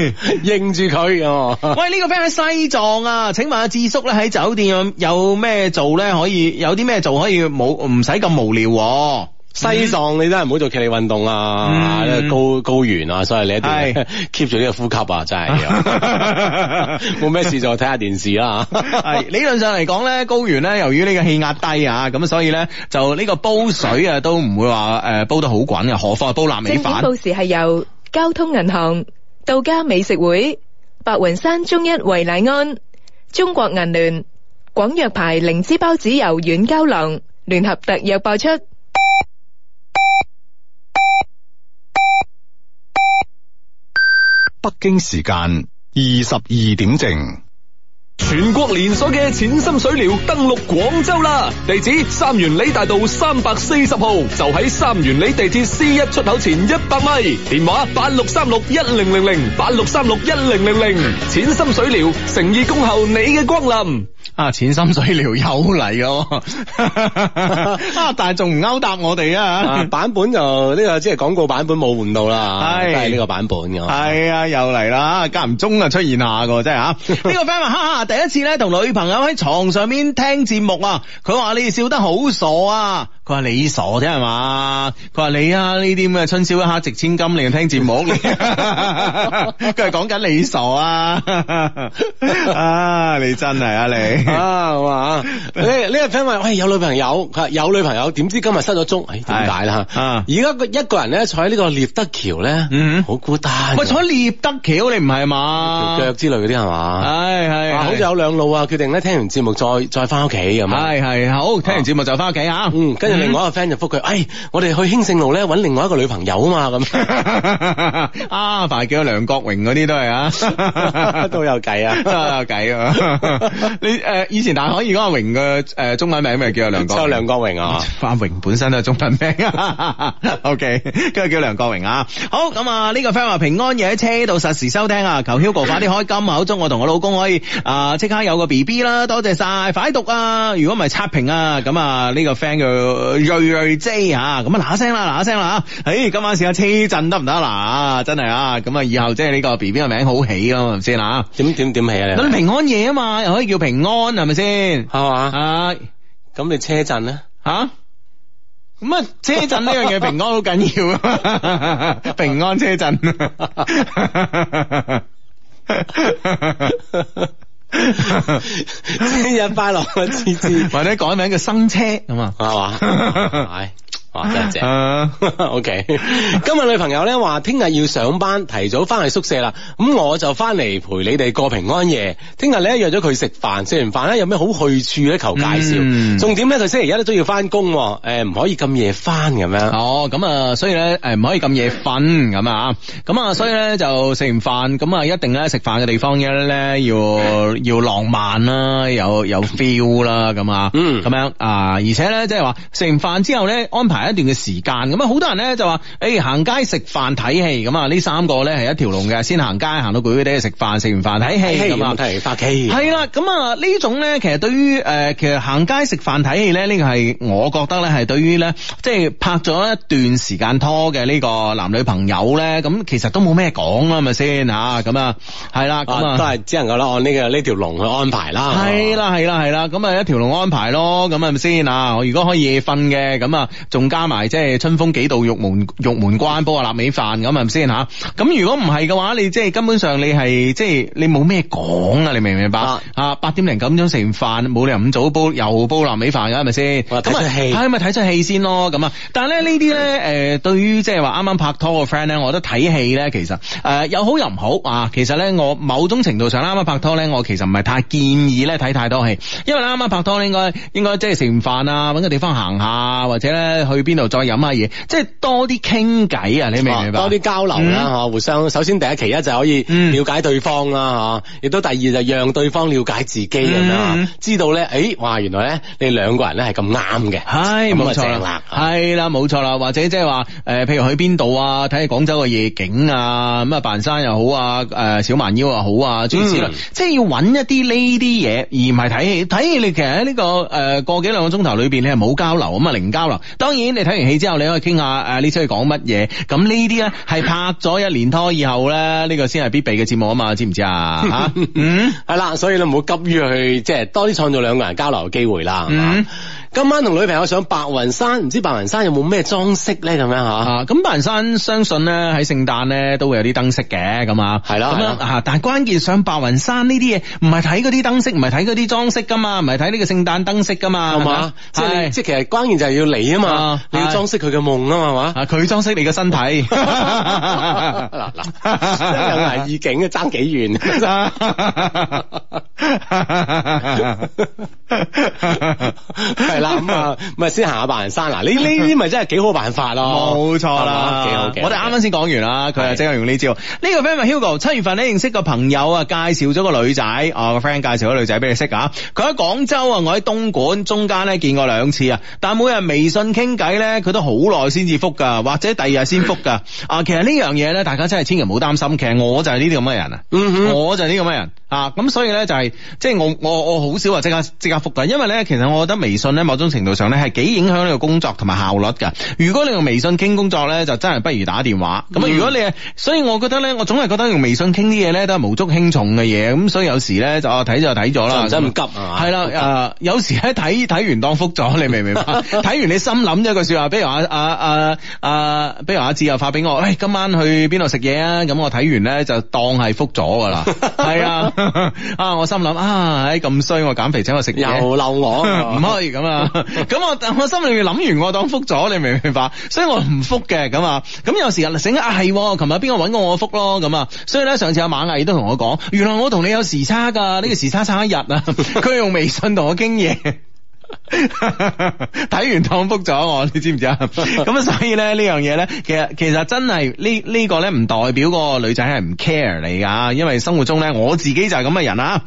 應住佢哦。喂，呢、這個 friend 喺西藏啊，請問阿智叔咧喺酒店有咩做咧？可以有啲咩做可以冇唔使咁無聊，啊？嗯、西藏你真係唔好做劇烈運動啊！嗯、高高原啊，所以你一定要 keep 住呢個呼吸啊，真係冇咩事就睇下電視啦，啊。係 理論上嚟講咧，高原咧，由於呢個氣壓低啊，咁所以咧就呢個煲水啊都唔會話誒煲得好滾啊。何況係煲臘味飯。即係有時係由。交通銀行、道家美食會、白雲山中一維乃安、中國銀聯、廣藥牌靈芝孢子油軟膠囊、聯合特約播出。北京時間二十二點正。全國連鎖嘅淺心水療登陸廣州啦！地址三元里大道三百四十號，就喺三元里地鐵 C 一出口前一百米。電話八六三六一零零零八六三六一零零零。淺心水療，誠意恭候你嘅光臨。啊！淺心水聊又嚟咯， 啊！但係仲唔勾搭我哋啊， 啊？版本就呢、這個即係廣告版本，冇換到啦，係 都係呢個版本嘅。係 啊，又嚟啦！間唔中啊出現下嘅，真係吓。呢、啊、 個 friend 話哈哈：，第一次咧同女朋友喺床上面聽節目啊，佢話你哋笑得好傻啊！佢話你傻啫，係嘛？佢話你啊，呢啲咩，春宵一刻值千金，你聽節目？佢係講緊你傻啊！啊，你真係啊你啊，好嘛？呢呢個 friend 話喂，有女朋友，有女朋友，點知今日失咗蹤？哎，點解啦？而家一個人咧坐喺呢個獵德橋咧，好、嗯、哼孤單。喂，坐喺獵德橋你唔係嘛？腳之類嗰啲係嘛？係係，好似有兩路啊，決定咧聽完節目再再翻屋企咁啊。係係，好聽完節目就翻屋企吓，跟住。另外一個 friend 就覆佢，哎，我哋去興盛路咧揾另外一個女朋友啊嘛，咁 啊，反正叫梁國榮嗰啲都係啊， 都有計理啊，都有計啊，你誒以前大可以講阿榮嘅誒中文名咪叫梁國，就梁國榮啊，阿、啊、榮本身都係中文名啊 ，OK，跟住叫梁國榮啊，好咁啊，呢、這個 friend 話平安夜喺車度實時收聽啊，求 Hugo 快啲開金口，祝我同我老公可以啊即刻有個 BB 啦，多謝晒，快讀啊，如果唔係差評啊，咁啊呢、這個 friend 要。銳銳姐啊，咁啊嗱一聲啦，嗱一聲啦吓，誒，今晚試下車震得唔得啦？真係啊，咁啊以後即係呢個 B B 個名好起咯，嘛、啊，咪先啦？點點點起啊你？你平安夜啊嘛，又可以叫平安，係咪先？係嘛、啊？咁、啊、你車震咧？吓？咁啊車震呢樣嘢平安好緊要，啊！ 平安車震。 生日快樂，芝芝，或者改名叫生車咁啊，係嘛？係。多謝。OK，、啊、 今日女朋友咧話聽日要上班，提早翻去宿舍啦。咁我就翻嚟陪你哋過平安夜。聽日咧約咗佢食飯，食完飯咧有咩好去處咧求介紹。重點咧佢星期一都要翻工，誒唔可以咁夜翻咁樣。哦，咁啊，所以咧誒唔可以咁夜瞓咁啊，咁啊，所以咧就食完飯咁啊，一定咧食飯嘅地方咧要要浪漫啦，有有 feel 啦，咁啊，嗯，咁樣啊，而且咧即係話食完飯之後咧安排。一段嘅時間，咁啊，好多人咧就話，誒，行街食飯睇戲咁啊，呢三個咧係一條龍嘅，先行街，行到佢哋去食飯，食完飯睇戲，戲唔提，拍戲，係啦，咁啊，呢種咧，其實對於誒，其實行街食飯睇戲咧，呢個係我覺得咧，係對於咧，即係拍咗一段時間拖嘅呢個男女朋友咧，咁其實都冇咩講啊嘛先吓，咁啊，係啦，咁啊，都係只能夠啦，按呢個呢條龍去安排啦，係啦係啦係啦，咁啊一條龍安排咯，咁係咪先啊？我如果可以夜瞓嘅，咁啊，仲加埋即係春風幾度玉門玉門關，煲下臘味飯咁係咪先吓？咁如果唔係嘅話，你即係根本上你係即係你冇咩講啊！你明唔明白？吓、啊、八點零咁樣食完飯，冇理由唔早煲又煲臘味飯嘅係咪先？咁睇咪睇出戲、啊、先咯？咁啊，但係咧呢啲咧誒，對於即係話啱啱拍拖嘅 friend 咧，我覺得睇戲咧其實誒、呃、有好有唔好啊。其實咧我某種程度上啱啱拍拖咧，我其實唔係太建議咧睇太多戲，因為啱啱拍拖應該應該即係食完飯啊，搵個地方行下或者咧去。去邊度再飲下嘢，即係多啲傾偈啊！你明唔明白？多啲交流啦，吓、嗯、互相。首先第一，其一就可以了解對方啦、啊，吓、嗯；亦都第二就讓對方了解自己咁樣、啊，嗯、知道咧，誒、哎，哇，原來咧你兩個人咧係咁啱嘅，係冇錯啦，係啦，冇錯、嗯、啦。或者即係話，誒、呃，譬如去邊度啊，睇下廣州嘅夜景啊，咁啊，白雲山又好啊，誒、呃，小蠻腰又好啊，諸如此類，嗯、即係要揾一啲呢啲嘢，而唔係睇戲。睇戲你其實喺呢、這個誒、呃、個幾兩個鐘頭裏邊，你係冇交流咁啊，零交流。當然，你睇完戲之後，你可以傾下誒呢出戲講乜嘢？咁呢啲咧係拍咗一年拖以後咧，呢個先係必備嘅節目啊嘛，知唔知啊？吓， 嗯，係啦， 所以你唔好急於去，即係多啲創造兩個人交流嘅機會啦，係嘛？嗯今晚同女朋友上白雲山，唔知白雲山有冇咩裝飾咧？咁樣吓啊！咁白雲山相信咧喺聖誕咧都會有啲燈飾嘅，咁啊係啦。咁啊，但係關鍵上白雲山呢啲嘢，唔係睇嗰啲燈飾，唔係睇嗰啲裝飾噶嘛，唔係睇呢個聖誕燈飾噶嘛，係嘛的的？即係即係，其實關鍵就係要嚟啊嘛。的你要裝飾佢嘅夢啊嘛？係嘛，佢裝飾你嘅身體。嗱嗱， 有意境，爭幾遠啦咁 啊，咪先行下白雲山嗱，呢呢啲咪真係幾好嘅辦法咯，冇錯啦，幾好嘅， 我哋啱啱先講完啦，佢啊即係用呢招。呢個 friend Hugo，七月份咧認識個朋友啊，介紹咗個女仔，啊個 friend 介紹個女仔俾你識啊，佢喺廣州啊，我喺、啊、東莞，中間咧見過兩次啊，但每日微信傾偈咧，佢都好耐先至覆噶，或者第二日先覆噶。 啊，其實呢樣嘢咧，大家真係千祈唔好擔心，其實我就係呢啲咁嘅人啊，mm hmm. 我就係呢咁嘅人。啊，咁所以咧就係、是，即係我我我好少話即刻即刻覆噶，因為咧其實我覺得微信咧某種程度上咧係幾影響你個工作同埋效率噶。如果你用微信傾工作咧，就真係不如打電話。咁啊、嗯，如果你啊，所以我覺得咧，我總係覺得用微信傾啲嘢咧都係無足輕重嘅嘢。咁所以有時咧、啊、就睇就睇咗啦，唔使咁急啊嘛。係啦、嗯，誒 Okay.、啊，有時咧睇睇完當覆咗，你明唔明白？睇 完你心諗咗句說話，比如阿阿阿阿，比如阿志又發俾我，喂、哎，今晚去邊度食嘢啊？咁我睇完咧就當係覆咗噶啦，係啊。 啊！我心諗啊，唉咁衰，我減肥，請我食嘢，又漏網，唔 可以咁啊！咁我我心裏面諗完，我當復咗，你明唔明白？所以我唔復嘅咁啊！咁有時間醒啊，係琴日邊個搵過我復咯咁啊！所以咧，上次阿螞蟻都同我講，原來我同你有時差噶，呢、這個時差差一日啊！佢用微信同我傾嘢。 睇 完躺腹咗我，你知唔知啊？咁 所以咧，呢樣嘢呢，其實其實真係呢，呢個咧唔代表個女仔係唔 care 你噶，因為生活中呢，我自己就係咁嘅人啊。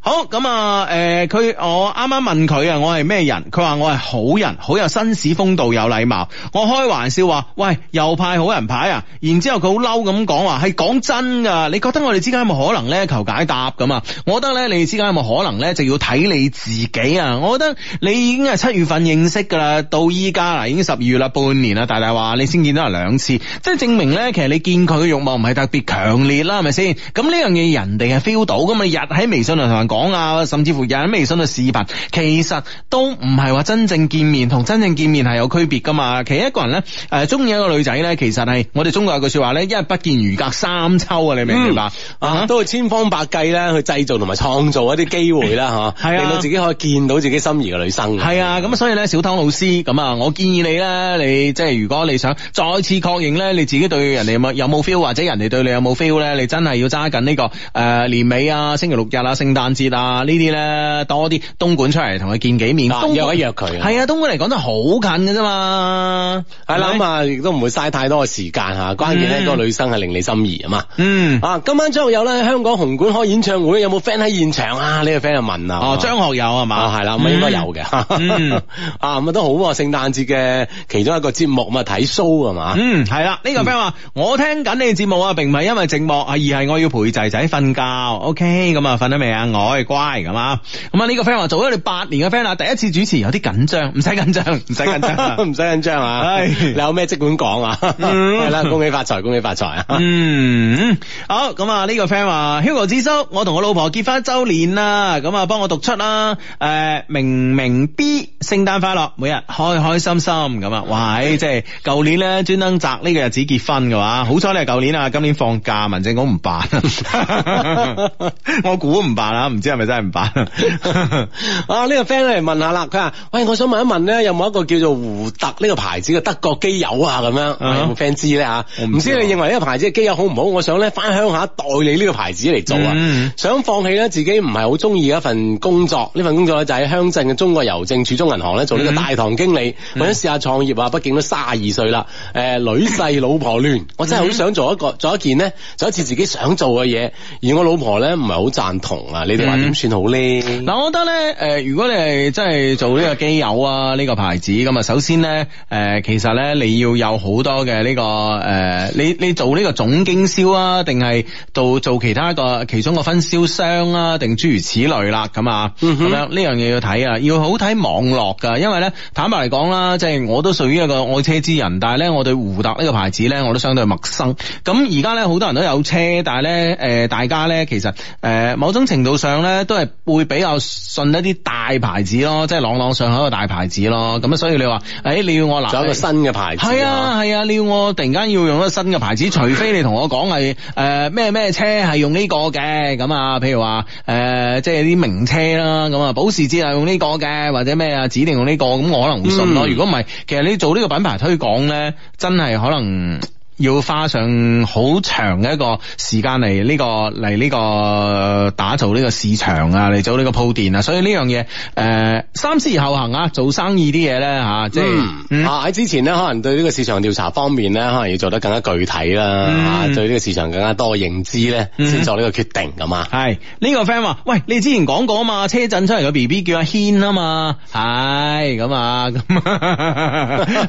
好咁啊，誒、呃，佢我啱啱問佢啊，我係咩人？佢話我係好人，好有紳士風度，有禮貌。我開玩笑話，喂，又派好人牌啊？然之後佢好嬲咁講話，係講真噶，你覺得我哋之間有冇可能呢？求解答咁啊？我覺得呢，你哋之間有冇可能呢？就要睇你自己啊？我覺得。你已經係七月份認識噶啦，到依家啦已經十二月啦，半年啦。大大話你先見到人兩次，即係證明咧，其實你見佢嘅慾望唔係特別強烈啦，係咪先？咁呢樣嘢人哋係 feel 到噶嘛？日喺微信度同人講啊，甚至乎日喺微信度視頻，其實都唔係話真正見面，同真正見面係有區別噶嘛。其實一個人咧，誒，中意一個女仔咧，其實係我哋中國有句説話咧，一日不見如隔三秋啊，你明唔明白、嗯、啊？啊都會千方百計啦，去製造同埋創造一啲機會啦，嚇、嗯啊啊，令到自己可以見到自己心儀嘅女。係啊，咁所以咧，小湯老師咁啊，我建議你咧，你即係如果你想再次確認咧，你自己對人哋有冇有冇 feel，或者人哋對你有冇 feel 咧，你真係要揸緊呢個誒、呃、年尾啊，星期六日啊，聖誕節啊呢啲咧多啲東莞出嚟同佢見幾面，約一約佢，係啊，東莞嚟講都好近嘅啫嘛。係啦吧，咁啊亦都唔會嘥太多嘅時間吓，關鍵咧個女生係令你心儀啊嘛。嗯，啊，今晚張學友咧香港紅館開演唱會，有冇 friend 喺現場啊？呢、這個 friend 就問啊，哦、啊，張學友啊嘛，係啦，咁應該有嘅。嗯 啊咁啊都好聖誕節嘅其中一個節目，啊，睇 show 啊嘛？嗯，係啦。呢個 friend 話我聽緊你嘅節目啊，並唔係因為寂寞，而係我要陪仔仔瞓覺。OK，咁啊瞓得未啊？我乖咁啊。咁啊呢個 friend 話做咗你八年嘅 friend 啊，第一次主持有啲緊張，唔使緊張，唔使緊張，唔使緊張啊！你有咩即管講啊！係啦，恭喜發財，恭喜發財啊！嗯，好咁啊呢個 friend 話 Hugo 之叔，我同我老婆結婚一周年啦，咁啊幫我讀出啦。誒、嗯，明明。嗯嗯嗯嗯 B，聖誕快樂，每日開開心心咁啊！喂，即係舊年咧專登摘呢個日子結婚嘅話，好彩你係舊年啊，今年放假，民政局唔辦， 我估唔辦啦 啊，唔知係咪真係唔辦啊？呢個 friend 嚟問下啦，佢話：喂，我想問一問咧，有冇一個叫做胡特呢個牌子嘅德國機油啊？咁樣有冇 friend 知咧吓？唔知,、啊、唔知你認為呢個牌子嘅機油好唔好？我想咧翻鄉下代理呢個牌子嚟做啊！嗯、想放棄咧自己唔係好中意一份工作，呢份工作咧就喺鄉鎮嘅中國。郵政儲蓄銀行咧做呢個大堂經理，或者試下創業啊。畢竟都三十二歲啦，誒、呃，女婿老婆亂，我真係好想做一個、mm hmm. 做一件呢，就好似自己想做嘅嘢。而我老婆咧唔係好贊同啊。你哋話點算好咧？嗱、mm hmm. 嗯，我覺得咧，誒、呃，如果你係真係做呢個機油啊，呢、這個牌子咁啊，首先咧，誒、呃，其實咧你要有好多嘅，呢、這個誒、呃，你你做呢個總經銷啊，定係到做其他其一個其中個分銷商啊，定諸如此類啦。咁啊，咁樣呢、mm hmm. 樣嘢要睇啊，要。好睇網絡噶因為咧坦白嚟講啦，即係我都屬於一個愛車之人，但係咧我對胡達呢個牌子咧，我都相對陌生。咁而家咧好多人都有車，但係咧誒大家咧其實誒某種程度上咧都係會比較信一啲大牌子咯，即係朗朗上口嘅大牌子咯。咁所以你話誒、哎、你要我攞咗個新嘅牌子、啊，係啊係啊，你要我突然間要用一個新嘅牌子，除非你同我講係誒咩咩車係用呢個嘅，咁啊，譬如話誒、呃、即係啲名車啦，咁啊保時捷係用呢個嘅。或者咩啊？指定用呢個咁，我可能會信咯。如果唔係，其實你做呢個品牌推廣咧，真係可能，要花上好長嘅一個時間嚟呢個嚟呢個打造呢個市場啊嚟做呢個鋪店啊，所以呢樣嘢誒，三思而後行啊，做生意啲嘢咧吓，即係、嗯、啊喺之前咧可能對呢個市場調查方面咧，可能要做得更加具體啦，吓、嗯啊、對呢個市場更加多認知咧，先做呢個決定咁啊。係呢、呢個 friend 話，喂，你之前講過啊嘛，車震出嚟個 B B 叫阿軒啊嘛，係咁啊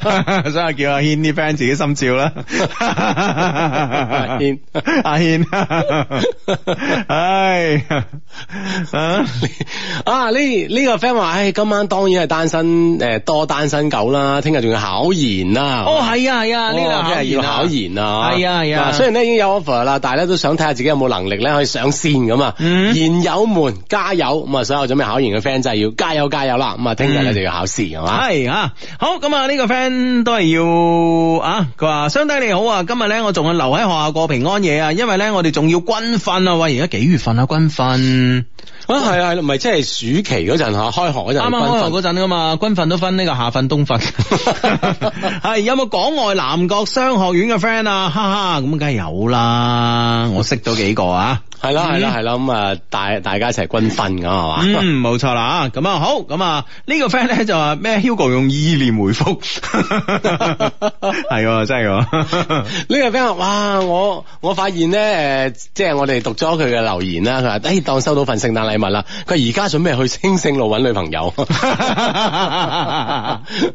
咁，所以叫阿軒啲 friend 自己心照啦。 阿 軒、啊，阿、這、軒、個，哎，啊，呢呢個 friend 話，唉，今晚當然係單身，誒、呃、多單身狗啦，聽日仲要考研啦。哦係啊係啊，呢個聽日要考研啊，係、哦、啊係啊。雖然咧已經有 offer 啦，但係咧都想睇下自己有冇能力咧可以上線咁啊。研友們加油，咁啊所有準備考研嘅 friend 就係要加油加油啦，咁啊聽日咧就要考試係嘛？係、嗯、啊，好咁啊呢個 friend 都係要啊，佢話相低你好。今日咧，我仲係留喺學校過平安夜啊，因為咧，我哋仲要軍訓啊！喂，而家幾月份啊？軍訓啊，係係、啊，唔係即係暑期嗰陣吓，開學嗰陣啱啱開學嗰陣啊嘛，軍訓都分呢個夏訓冬訓。係 有冇廣外南國商學院嘅 friend 啊？哈哈，咁梗係有啦，我識咗幾個啊！係啦，係啦，係啦，咁啊，大大家一齊均分噶係嘛？嗯，冇錯啦，咁啊好，咁啊、這個、呢個 friend 咧就話咩？Hugo 用意念回覆，係 真係噶？呢 個 friend 哇，我我發現咧誒，即係我哋讀咗佢嘅留言啦，佢話誒當收到份聖誕禮物啦，佢而家準備去星星路搵女朋友，啱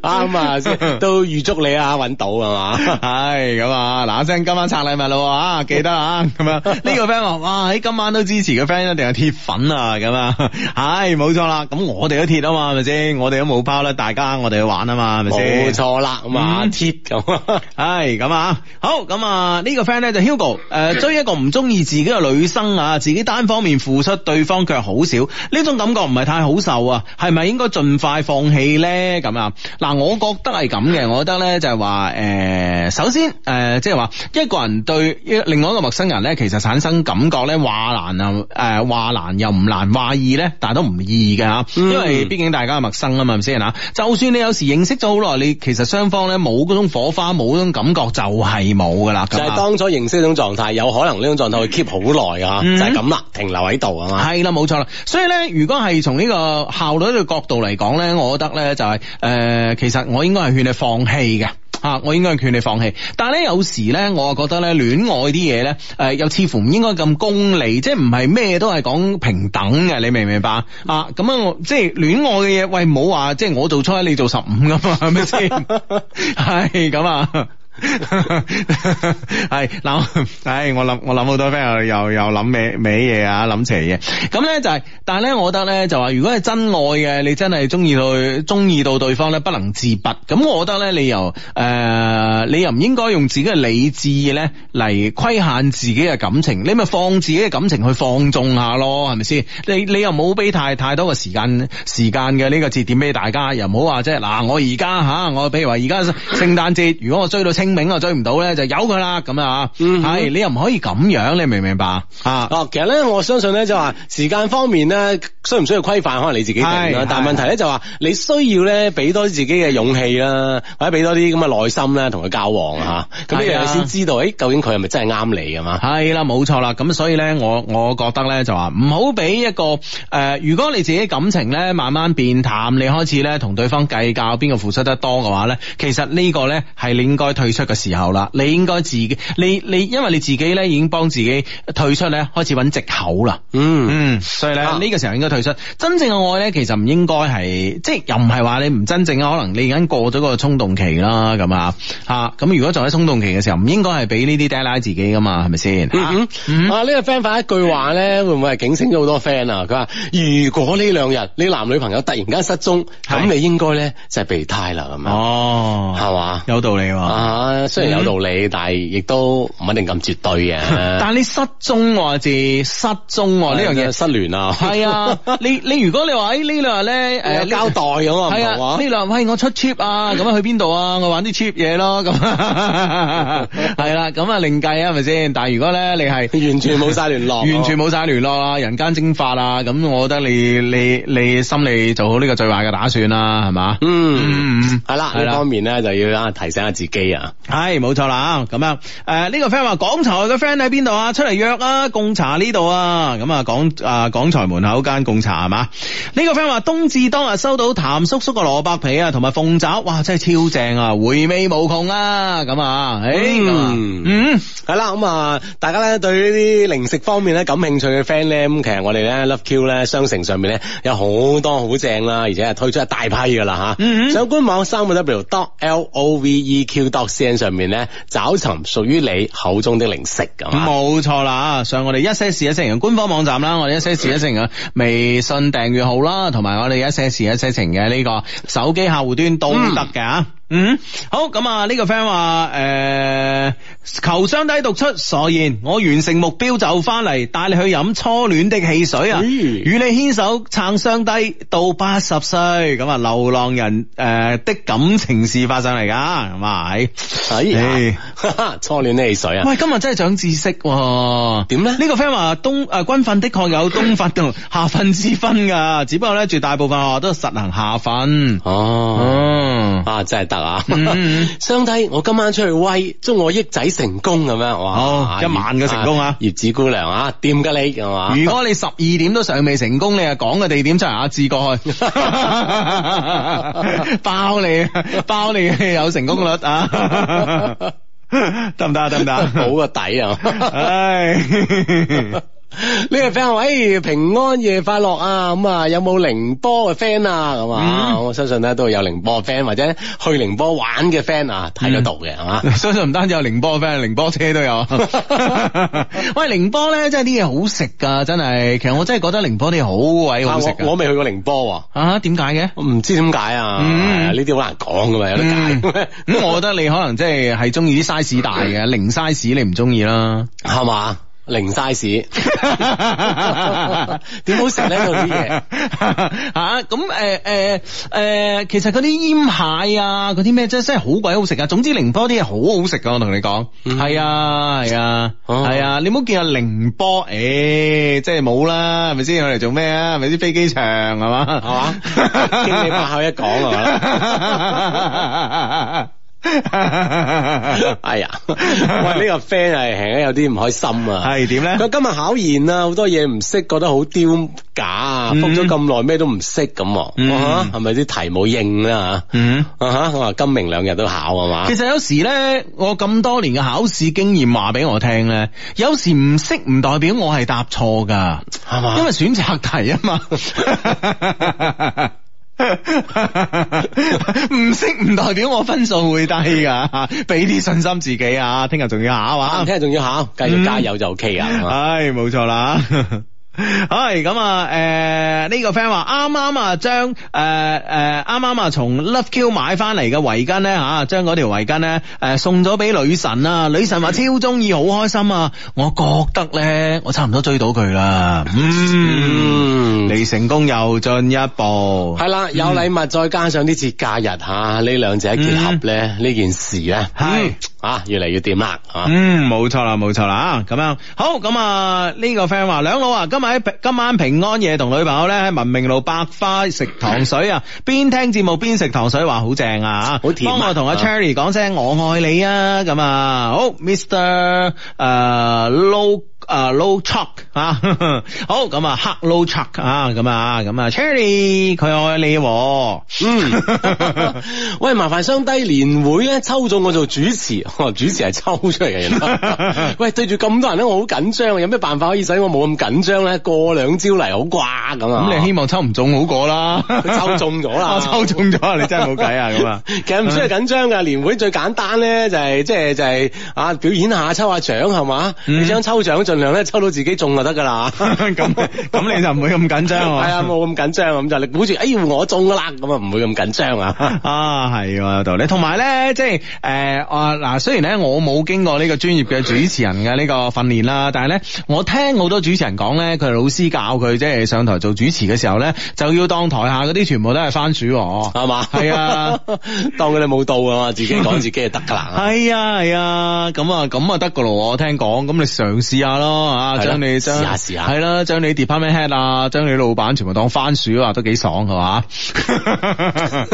啊， 都預祝你啊搵到係嘛？係咁 啊嗱聲，今晚拆禮物啦，啊記得啊咁啊，呢、這個 friend 話哇。你今晚都支持嘅 friend 一定係鐵粉啊，咁啊，係冇錯啦。咁我哋都鐵啊嘛，係咪先？我哋都冇包啦，大家我哋去玩啊嘛，係咪先？冇錯啦，咁啊，鐵咁，係咁啊。好，咁啊、這個、呢個 friend 咧就是、Hugo，誒、呃、追一個唔中意自己嘅女生啊，自己單方面付出，對方卻好少，呢種感覺唔係太好受啊，係咪應該盡快放棄咧？咁啊，嗱，我覺得係咁嘅，的我覺得咧就係、是、話，誒、呃，首先，誒、呃，即係話一個人對另外一個陌生人咧，其實產生感覺咧。話難啊，誒話難又唔難，話易咧，但係都唔易嘅吓，因為畢竟大家陌生啊嘛，係咪先啊？就算你有時認識咗好耐，你其實雙方咧冇嗰種火花，冇嗰種感覺就，就係冇噶啦。就係當初認識嗰種狀態，有可能呢種狀態會 keep 好耐噶，嗯、就係咁啦，停留喺度啊嘛。係啦，冇錯啦。所以咧，如果係從呢個效率嘅角度嚟講咧，我覺得咧就係、是、誒、呃，其實我應該係勸你放棄嘅。啊！我應該勸你放棄，但係咧有時咧，我啊覺得咧戀愛啲嘢咧，誒、呃、又似乎唔應該咁功利，即係唔係咩都係講平等嘅，你明唔明白啊？咁樣我，即係戀愛嘅嘢，喂，冇話即係我做初一你做十五㗎嘛，係咪先？係咁啊。係嗱， 唉，我諗我諗好多 friend 又又諗咩咩嘢啊，諗邪嘢。咁咧就係、是，但係咧，我覺得咧就話，如果係真愛嘅，你真係中意到中意到對方咧，不能自拔。咁我覺得咧、呃，你又誒，你又唔應該用自己嘅理智咧嚟規限自己嘅感情，你咪放自己嘅感情去放縱下咯，係咪先？你你又冇俾太太多嘅時間時間嘅呢、這個節點俾大家，又唔好話即係嗱，我而家吓，我譬如話而家聖誕節， 如果我追到。清明啊，追唔到咧就由佢啦咁啊。係、嗯、哼你又唔可以咁樣，你明唔明白啊？哦，其實咧我相信咧就話時間方面咧，需唔需要規範，可能你自己定是但係問題咧、啊、就話、是、你需要咧俾多啲自己嘅勇氣啦，或者俾多啲咁嘅耐心咧同佢交往啊。吓、啊，咁樣先知道、啊、誒究竟佢係咪真係啱你㗎嘛？係啦、啊，冇錯啦。咁、啊、所以咧我我覺得咧就話唔好俾一個誒、呃，如果你自己感情咧慢慢變淡，你開始咧同對方計較邊個付出得多嘅話咧，其實呢個咧係你應該退。出嘅時候啦，你應該自己，你你因為你自己咧已經幫自己退出咧，開始揾藉口啦。嗯嗯，嗯所以咧呢、啊、個時候應該退出。真正嘅愛咧，其實唔應該係，即係又唔係話你唔真正，可能你而家過咗個衝動期啦咁啊吓。咁、啊啊、如果仲喺衝動期嘅時候，唔應該係俾呢啲爹乸自己噶嘛，係咪先？啊呢個 friend 一句話咧，會唔會係警醒咗好多 friend 啊？佢話如果呢兩日你男女朋友突然間失蹤，咁是你應該咧就係備胎啦咁啊。哦是，係嘛吧，有道理喎、啊。啊，雖然有道理，但係亦都唔一定咁絕對嘅。但係你失蹤喎字，失蹤喎呢樣嘢，失聯啊。係啊，你你如果你話呢兩日咧，誒交代咁啊，係啊，呢兩日喂我出 cheap 啊，咁啊去邊度啊，我玩啲 cheap 嘢咯，咁係啦，咁啊另計啊，係咪先？但係如果咧你係完全冇晒聯絡，完全冇晒聯絡啦，人間蒸發啊，咁我覺得你你你心理做好呢個最壞嘅打算啦，係嘛？嗯，係啦，呢方面咧就要提醒下自己啊。係冇錯啦，咁啊，誒呢個 friend 話港財嘅 friend 喺邊度啊？出嚟約啊，貢茶呢度啊，咁啊廣啊港財門口間貢茶係嘛？呢個 friend 話冬至當日收到譚叔叔嘅蘿蔔皮啊，同埋鳳爪，哇真係超正啊，回味無窮啊，咁啊，誒，嗯，係啦，咁啊，大家咧對呢啲零食方面咧感興趣嘅 friend 咧，咁其實我哋咧 LoveQ 咧商城上面咧有好多好正啦，而且係推出一大批噶啦吓，上官網三個 w 點 loveq.com。上面咧找尋屬於你口中的零食咁。冇錯啦啊！上我哋一些事一些情嘅官方網站啦，我哋一些事一些情嘅微信訂閱號啦，同埋我哋一些事一些情嘅呢個手機客戶端都得噶。嗯 嗯，好咁啊！呢個 friend 話誒，求雙低讀出，所言，我完成目標就翻嚟，帶你去飲初戀的汽水啊！與你牽手撐雙低到八十歲，咁啊流浪人誒的感情事發生嚟噶，係咪？係初戀的汽水啊！喂，今日真係長知識。點、呃、咧？呢個 friend 話冬誒，軍訓的確有冬訓同夏訓之分噶，只不過咧，絕大部分學都實行夏訓哦哦，嗯、啊真係得。啊，相睇、嗯，我今晚出去威，祝我益仔成功咁樣，哇！好、哦，一晚嘅成功啊，葉、啊、子姑娘啊，掂㗎你係嘛？啊、如果你十二點都尚未成功， 你啊講個地點出嚟阿志過去， 包你包你 有成功率啊！得唔得得唔得？冇 個底啊！唉。 呢個 friend 喂，平安夜快樂啊咁、嗯、啊有冇寧波嘅 friend 啊咁，啊我相信咧都有寧波嘅 friend 或者去寧波玩嘅 friend 啊睇得到嘅係嘛？嗯、吧相信唔單止有寧波嘅 friend，寧波車都有。喂，寧波咧真係啲嘢好食噶，真係。其實我真係覺得寧波啲嘢好鬼好食。我未去過寧波啊？點解嘅？我唔知點解啊？呢啲好難講噶嘛，有解。咁、嗯。 我覺得你可能即係係中意啲 size 大嘅，零 size 你唔中意啦，係嘛？零晒市， 點好食咧？嗰啲嘢吓咁，誒誒誒，其實嗰啲醃蟹啊，嗰啲咩真真係好鬼好食噶。總之，寧波啲嘢好好食噶，我同你講，係、嗯、啊係啊係啊，啊。你唔好見阿寧波，誒、欸，即係冇啦，係咪先？我嚟做咩啊？係咪啲飛機場係嘛係嘛？聽 你八口一講。 哎呀，喂呢 哇哇個 friend 係係有啲唔開心啊，係點咧？佢今日考研啊，好多嘢唔識，覺得好丟假啊，復咗咁耐咩都唔識咁，啊哈，係咪啲題冇應啊？嗯，啊我話今明兩日都考啊嘛？其實有時咧，我咁多年嘅考試經驗話俾我聽咧，有時唔識唔代表我係答錯噶，係嘛 吧？因為選擇題啊嘛。 唔 識唔代表我分數會低噶，俾啲信心自己啊！聽日仲要考啊，聽日仲要考，繼續加油就 ok 啊！唉、嗯，冇 錯、哎、啦。 好係咁啊，誒、這、呢個 friend 話啱啱啊將誒誒啱啱啊從 Love Q 買翻嚟嘅圍巾咧吓，將嗰條圍巾咧誒、呃、送咗俾女神啊，女神話超中意，好開心啊！我覺得咧，我差唔多追到佢啦。嗯，離成功又進一步。係啦，有禮物再加上啲節假日吓、啊，兩呢兩者結合咧，呢、嗯、件事咧係啊，越嚟越掂啦。嗯，冇錯、啊啊嗯、啦，冇錯啦樣好樣啊，咁、嗯啊、樣好咁啊呢、啊啊這個 friend 話兩老啊今。晚今晚平安夜同女朋友咧，喺文明路百花食糖水啊，邊聽節目邊食糖水，話好正啊，好甜、啊。幫我同阿 說很棒啊, Cherry 講聲「我愛你啊，咁啊，好，Mr. 啊 Low Chuck 啊，好、哦、咁啊黑 Low Chuck 啊咁啊咁啊 Cherry 佢愛你、哦，嗯， 喂麻煩商低年會咧抽中我做主持，哦，主持係抽出嚟嘅人，喂對住咁多人咧我好緊張，有咩辦法可以使我冇咁緊張咧？過兩招嚟好啩，咁啊？咁、啊、你希望抽唔中好過啦， 抽中咗了啦，抽中咗啊，你真係冇計啊咁啊，其實唔需要緊張噶，年會最簡單咧就係即係就係、是就是、啊表演下抽下獎係嘛，嗯、你想抽獎盡量。抽到自己中就得噶啦，咁 咁 你就唔會咁緊張。係 啊，冇咁緊張，咁就你估住，哎，我中噶啦，咁啊唔會咁緊張啊。啊，係啊，有道理。同埋咧，即係誒啊嗱，雖然咧我冇經過呢個專業嘅主持人嘅呢個訓練啦，但係咧我聽好多主持人講咧，佢老師教佢即係上台做主持嘅時候咧，就要當台下嗰啲全部都係番薯，係嘛吧？係啊， 當佢哋冇到啊，自己講自己就得噶啦。係啊係啊，咁啊咁啊得噶咯，我聽講，咁你嘗試下。啊，將你將係啦，將你 department head 啊，將你老闆全部當番薯啊，都幾爽係嘛？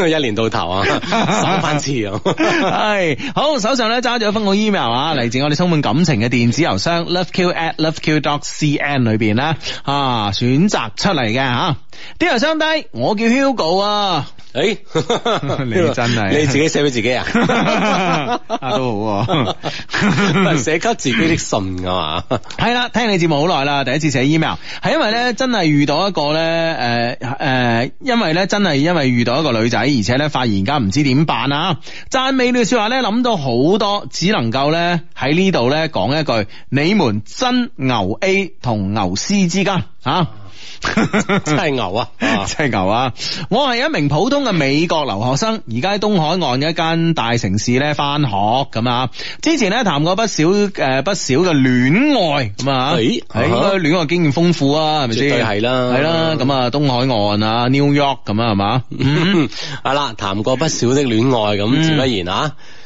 一年到頭啊，三番次啊，係 好手上咧揸住封稿 email 啊，嚟的自我哋充滿感情嘅電子郵箱 loveq at loveq dot cn 裏邊咧啊，選擇出嚟嘅吓，啲郵箱低，我叫 Hugo 啊，誒、欸， 你真係你自己寫俾自己啊，都 好、啊，寫 給自己的信啊嘛。係啦，聽你節目好耐啦，第一次寫 email，係因為咧真係遇到一個咧，誒、呃、誒、呃，因為咧真係因為遇到一個女仔，而且咧發現而家唔知點辦啊！讚美你說話咧諗到好多，只能夠咧喺呢度咧講一句，你們真牛 A 同牛 C 之間啊！ 真係牛啊！啊，真係牛啊！我係一名普通嘅美國留學生，而家喺東海岸嘅一間大城市咧翻學咁啊。之前咧談過不少誒、呃，不少嘅戀愛咁啊。誒唉，應該戀愛經驗豐富啊，係咪先？絕對係啦，係啦。咁啊，東海岸啊，New York 咁啊，係嘛、 嗯？係啦，談過不少的戀愛，咁自不然啊。嗯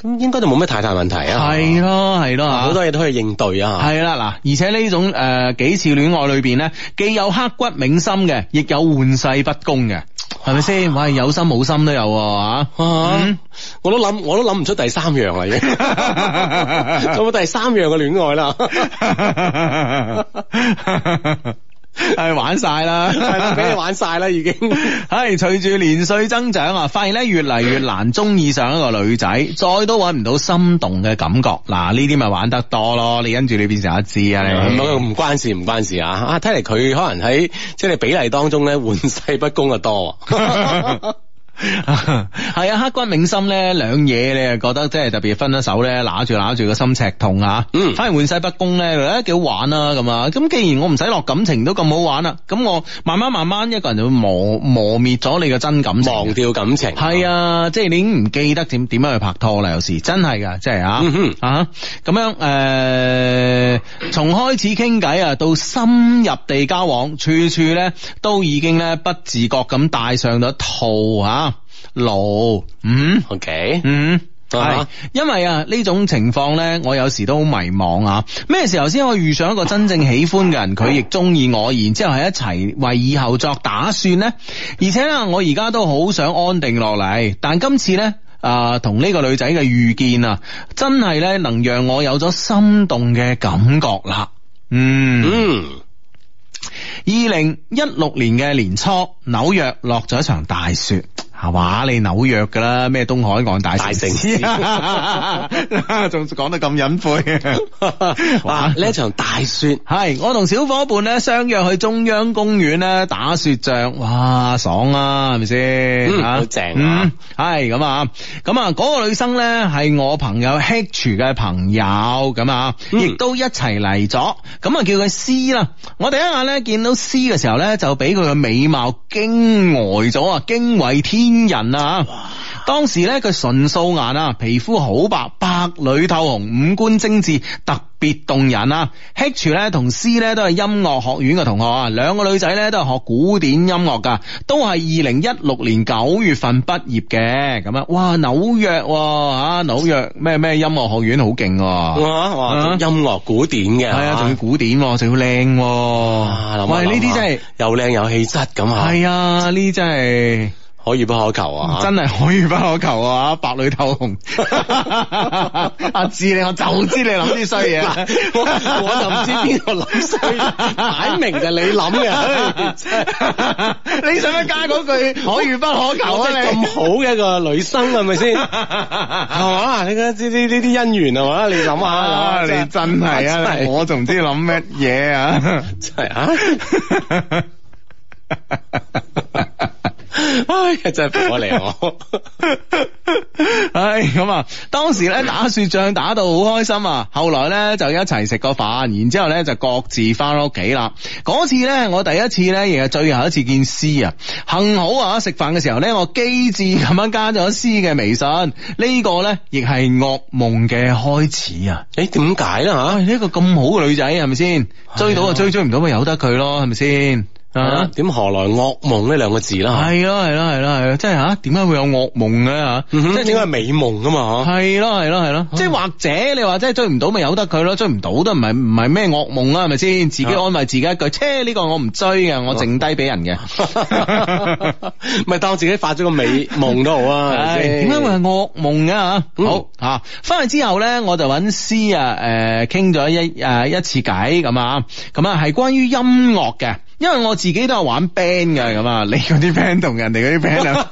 咁應該就冇咩太大問題啊，係咯係咯，好多嘢都可以應對啊。係啦，嗱，而且呢種誒幾次戀愛裏邊咧，既有刻骨銘心嘅，亦有玩世不恭嘅，係咪先？喂，有心冇心都有啊嚇，我都諗我都諗唔出第三樣啦，咁第三樣嘅戀愛啦。係 玩晒啦了，俾 你玩晒啦已經。 係隨住年歲增長啊，發現咧越嚟越難中意上一個女仔，再都揾唔到心動嘅感覺。嗱，呢啲咪玩得多咯。你跟住你變成一支啊，唔唔關事唔關事啊。啊，睇嚟佢可能喺即係比例當中咧，玩世不恭嘅多。係啊，啊，刻骨銘心咧，兩嘢你又覺得即係特別分咗手咧，揦住揦住個心赤痛啊，嗯，反而玩世不恭咧，幾好玩啊。咁啊。咁既然我唔使落感情都咁好玩啊，咁我慢慢慢慢一個人就會磨磨滅咗你嘅真感情，忘掉感情。係啊，啊，即係你已經唔記得點點樣，樣去拍拖啦，有時真係噶，即、就、係、是、啊、嗯、哼啊咁樣誒，從、呃、開始傾偈啊，到深入地交往，處處咧都已經咧不自覺咁戴上咗套吓。啊路嗯，OK，嗯係，因為啊呢種情況呢，我有時都好迷茫啊。咩時候先可以遇上一個真正喜歡嘅人？佢、uh huh. 亦中意我，然之後係一齊為以後作打算呢？而且咧，我而家都好想安定落嚟。但今次呢，誒同呢個女仔嘅遇見啊，真係呢，能讓我有咗心動嘅感覺啦。嗯嗯，二零一六年嘅年初，紐約落咗一場大雪。係嘛、啊？你紐約噶啦，咩東海岸大城市，仲講 得咁隱晦。哇！呢場大雪係哇 我同小伙伴咧相約去中央公園咧打雪仗，哇！爽啊，係咪先？嗯，好正。嗯，係咁啊，咁啊、嗯，嗰、嗰個女生咧係我朋友 Hitch 嘅朋友，咁啊、嗯，亦都一齊嚟咗。咁啊，叫佢 C 啦。我第一眼咧見到 C 嘅時候咧，就俾佢嘅美貌驚呆咗啊！驚為天仙人啊！哇當時咧佢純素顏啊，皮膚好白，白裏透紅，五官精緻，特別動人啊！H 咧同 C 咧都係音樂學院嘅同學啊，兩個女仔咧都係學古典音樂噶，都係二零一六年九月份畢業嘅。咁啊，哇！紐約吓，紐、啊、約咩咩、啊、音樂學院好勁、啊，哇！音樂古典嘅，係啊，仲、啊、要古典，仲要靚、啊。啊啊、喂，呢啲真係又靚又氣質咁啊！係啊，呢真係。可遇不可求啊！真係可遇不可求啊！白裏透紅，阿志你我就知你諗啲衰嘢，我就唔知邊個諗衰，擺、um, 明，明就你諗嘅。你想唔、 就是、 加嗰句可遇不可求啊？咁好嘅一個女生係咪先？係嘛？呢啲呢啲呢啲姻緣係嘛？你諗下、啊，你真係啊！ 我仲唔的 知諗乜嘢啊？真係啊！唉，真係唔好理我。 唉，咁啊，當時咧打雪仗打到好開心啊，後來咧就一齊食個飯，然之後咧就各自翻屋企啦。嗰次咧，我第一次咧亦係最後一次見師啊。幸好啊，食飯嘅時候咧，我機智咁樣加咗師嘅微信。這個、呢個咧亦係噩夢嘅開始啊！誒、欸，點解咧吓？這個、是是呢一個咁好嘅女仔係咪先追到啊？追追唔到咪由得佢咯，係咪先？點何來噩夢呢？兩個字啦，係咯，係咯，係咯，係咯，即係吓點解會有噩夢嘅吓？即係點解係美夢噶嘛？係咯，係咯，係咯，即係或者你話真係追唔到咪由得佢咯？追唔到都唔係唔係咩噩夢啦？係咪先？自己安慰自己一句，車呢個我唔追嘅，我剩低俾人嘅，咪當自己發咗個美夢都好啊？點解會係噩夢嘅吓？好吓，翻去之後咧，我就搵師啊，誒，傾咗一誒一次偈咁啊，咁啊係關於音樂嘅。因為我自己都係玩 band 嘅咁啊，你嗰啲 band 同人哋嗰啲 band 啊，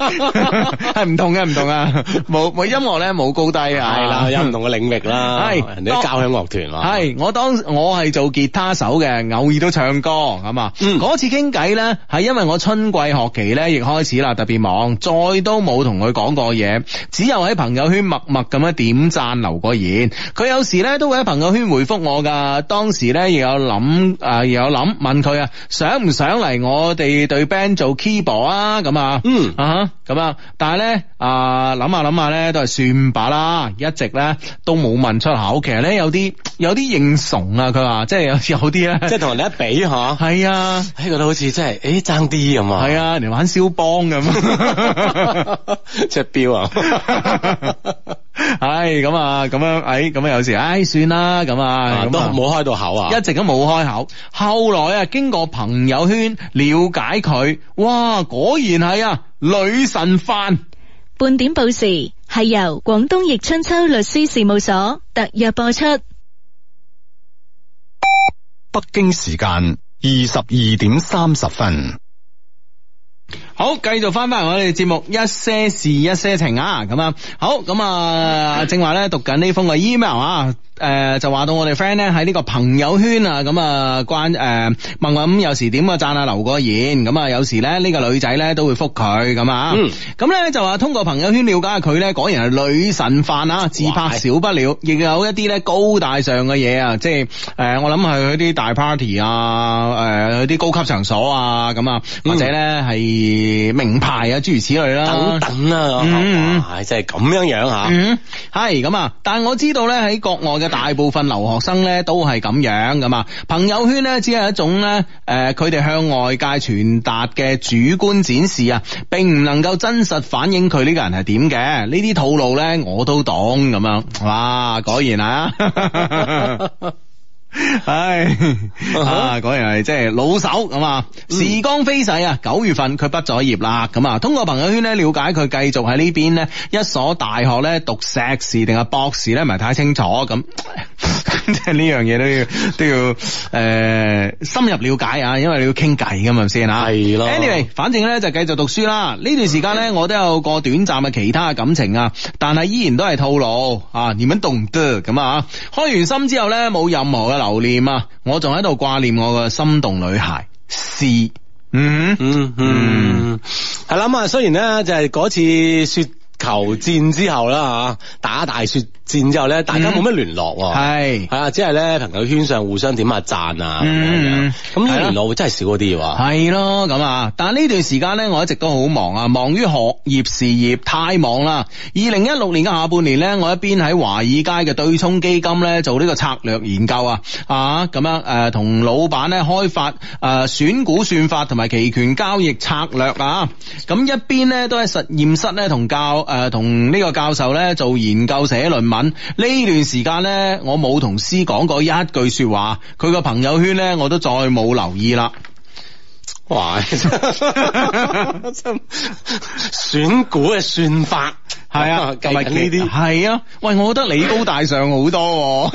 係唔同嘅，唔同啊，冇冇音樂咧冇高低啊，係啦，有唔同嘅領域啦，係人哋交響樂團啊，係我當我係做吉他手嘅，偶爾都唱歌咁啊。嗰、嗯、次傾偈咧，係因為我春季學期咧亦開始啦，特別忙，再都冇同佢講過嘢，只有喺朋友圈默默咁樣點讚留個言。佢有時咧都會喺朋友圈回覆我噶，當時咧又有諗誒，又有諗問佢啊，想。都唔想嚟我哋對 band 做 keyboard 啊，咁啊，嗯啊，咁啊，但係咧，啊諗下諗下咧都係算罷啦，一直咧都冇問出口。其實咧有啲有啲認慫啊，佢話即係有有啲咧，即係同人哋一比吓，係啊，呢個都好似真係誒爭啲咁啊，係啊，嚟玩肖邦咁，即係標啊，唉，咁啊，咁樣，唉，咁啊、哎、樣，有時，唉、哎，算啦，咁啊，都冇開到口啊，一直都冇開口。後來啊，經過朋朋友圈了解佢，哇！果然係啊，女神範。半點報時，係由廣東易春秋律師事務所特約播出。北京時間二十二點三十分。好，繼續翻翻嚟我哋節目一些事一些情啊，咁啊，好，咁啊，正話咧讀緊呢封嘅 email 啊，誒、呃，就話到我哋 friend 咧喺呢個朋友圈啊，咁啊關誒、呃、問問咁有時點啊讚下留個言，咁啊有時咧呢個女仔咧都會覆佢咁啊，咁咧、嗯啊、就話通過朋友圈了解下佢咧，果然係女神範啊，自拍少不了，亦、呃、有一啲咧高大上嘅嘢啊，即係誒、呃、我諗係去啲大 party 啊，誒去啲高級場所啊，咁啊或者咧係。嗯名牌啊，諸如此類啦，等等啦、啊，嗯、哇，真係咁樣樣吓，係咁啊。嗯、但係我知道咧，喺國外嘅大部分留學生咧都係咁樣咁啊。朋友圈咧只係一種咧，誒，佢哋向外界傳達嘅主觀展示啊，並唔能夠真實反映佢呢個人係點嘅。呢啲套路咧我都懂咁樣，哇，果然啊。 唉，uh huh. 啊，果然係即係老手咁啊！時光飛逝啊，嗯、九月份佢畢咗業啦，咁啊，通過朋友圈咧了解佢繼續喺呢邊呢一所大學咧讀碩士定係博士咧，唔係太清楚咁，即係呢樣嘢 都要都要誒、呃、深入了解啊，因為你要傾偈噶嘛先啊，係咯。Anyway，反正咧就繼續讀書啦。呢段時間咧我都有過短暫嘅其他嘅感情啊，但係依然都係套路啊，點樣懂得咁啊？開完心之後咧冇任何嘅啦。留念啊！我仲喺度掛念我嘅心動女孩，是嗯嗯嗯，係啦。雖然咧就係嗰次雪球戰之後啦吓，打大雪戰之後咧，大家冇咩聯絡喎，係，係啊。嗯、只係咧朋友圈上互相點下讚啊，咁呢樣，咁啲聯絡真係少啲嘅。係咯，咁啊，但係呢段時間咧，我一直都好忙啊，忙於學業事業，太忙啦。二零一六年嘅下半年咧，我一邊喺華爾街嘅對沖基金咧做呢個策略研究啊，啊，咁樣，誒，同老闆咧開發誒選股算法同埋期權交易策略啊，咁一邊咧都喺實驗室咧同教，誒，同呢個教授咧做研究寫論文。呢段時間咧，我冇同 C 講過一句說話。佢個朋友圈咧，我都再冇留意啦。哇！真選股嘅算法係啊，計緊呢啲係啊。喂，我覺得你高大上好多，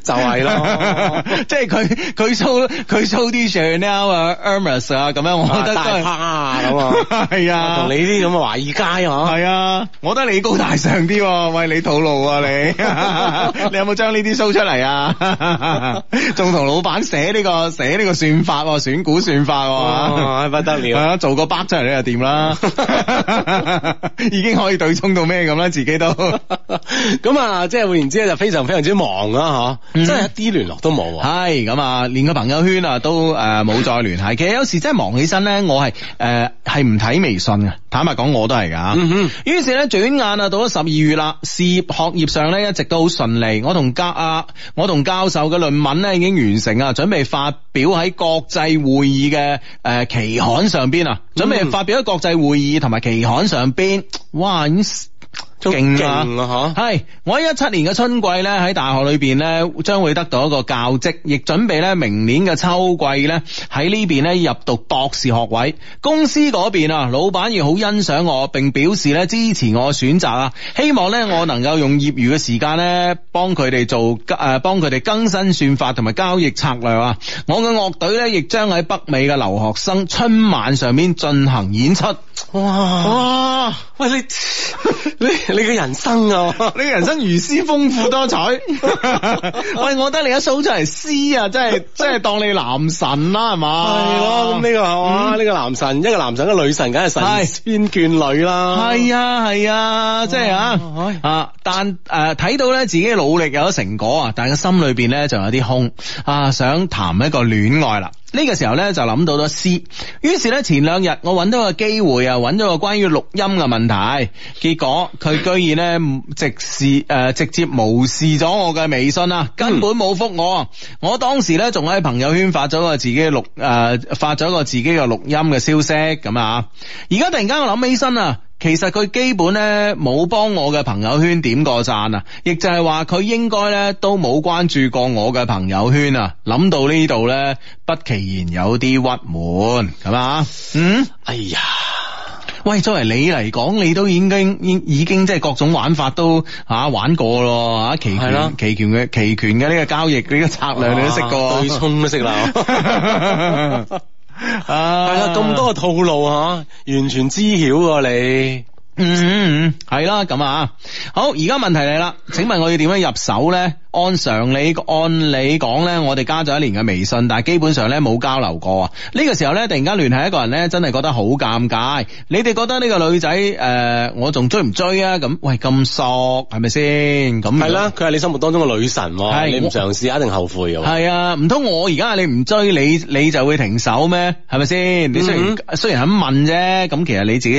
就係咯。即係佢佢收佢收啲 Chanel 啊、Hermes 啊咁樣，我覺得真係大牌啊咁啊。係啊，同你啲咁華爾街呵。係啊，我覺得你高大上啲。喂，你套路啊你？你有冇將呢啲 show 出嚟啊？仲同老闆寫呢個寫呢個算法選？估算法哇、哦，不得了！啊、做個包出嚟呢就掂啦， 已經可以對沖到咩咁啦，自己都咁 啊，即係換言之咧，就非常非常之忙啦、啊，吓、嗯，真係一啲聯絡都冇、啊，係咁啊，連個朋友圈啊都誒冇、呃、再聯繫。其實有時真係忙起身咧，我係誒係唔睇微信啊。坦白講我都係噶，嗯嗯哼。於是咧，轉眼啊，到咗十二月啦，事業學業上咧一直都好順利。我同格啊，我同教授嘅論文咧已經完成啊，準備發表喺國際會議嘅、誒、呃，期刊上邊啊，準備發表喺國際會議同埋期刊上邊，哇，已經。勁啦吓，係、啊、我喺一七年嘅春季咧，喺大學裏邊咧，將會得到一個教職，亦準備咧明年嘅秋季咧，喺呢邊咧入讀博士學位。公司嗰邊啊，老闆亦好欣賞我，並表示咧支持我嘅選擇啊，希望咧我能夠用業餘嘅時間咧，幫佢哋做誒，幫佢哋更新算法同埋交易策略啊。我嘅樂隊咧，亦將喺北美嘅留學生春晚上面進行演出。哇哇，喂你哇哇你。 你嘅人生啊， 你嘅人生如詩，豐富多彩。 喂，我覺得你一數出嚟詩啊，真係真係當你男神啦，係嘛？ 係咯、這個，咁呢個呢個男神，一個男神一個女神，梗係神仙眷侶啦。係 啊，係啊，即係啊， 啊，但誒睇、呃、到咧自己努力有咗成果啊，但係個心裏邊咧就有啲空啊、呃，想談一個戀愛啦。呢個時候呢，就諗到咗 C，於是呢，前兩日我揾到個機會啊，揾咗個關於錄音嘅問題，結果佢居然呢，直視誒直接無視咗我嘅微信啊，根本冇覆我。嗯、我當時呢，仲喺朋友圈發咗個自己錄誒、呃、發咗個自己嘅錄音嘅消息咁啊，而家突然間我諗起身啊。其實佢基本咧冇幫我嘅朋友圈點過讚啊，亦就係話佢應該咧都冇關注過我嘅朋友圈啊。諗到呢度咧，不其然有啲鬱悶係嘛。嗯，哎呀，喂，作為你嚟講，你都已經已已經即係各種玩法都吓玩過咯吓。期權，期的權嘅期權嘅呢個交易呢，這個策略你都識過，對沖都識啦。 啊！係啊，咁多套路吓、啊，完全知曉喎、啊、你。嗯，嗯嗯，係啦，咁啊，好，而家問題嚟啦，請問我要點樣入手咧？按常理，按理講咧，我哋加咗一年嘅微信，但係基本上咧冇交流過啊。呢、呢個時候咧，突然間聯繫一個人咧，真係覺得好尷尬。你哋覺得呢個女仔誒、呃，我仲追唔追啊？咁喂，咁索，係咪先？咁係啦，佢係你心目當中嘅女神，的你唔嘗試一定後悔嘅。係啊，唔通我而家你唔追，你你就會停手咩？係咪先？你雖然、嗯、雖然肯問啫，咁其實你自己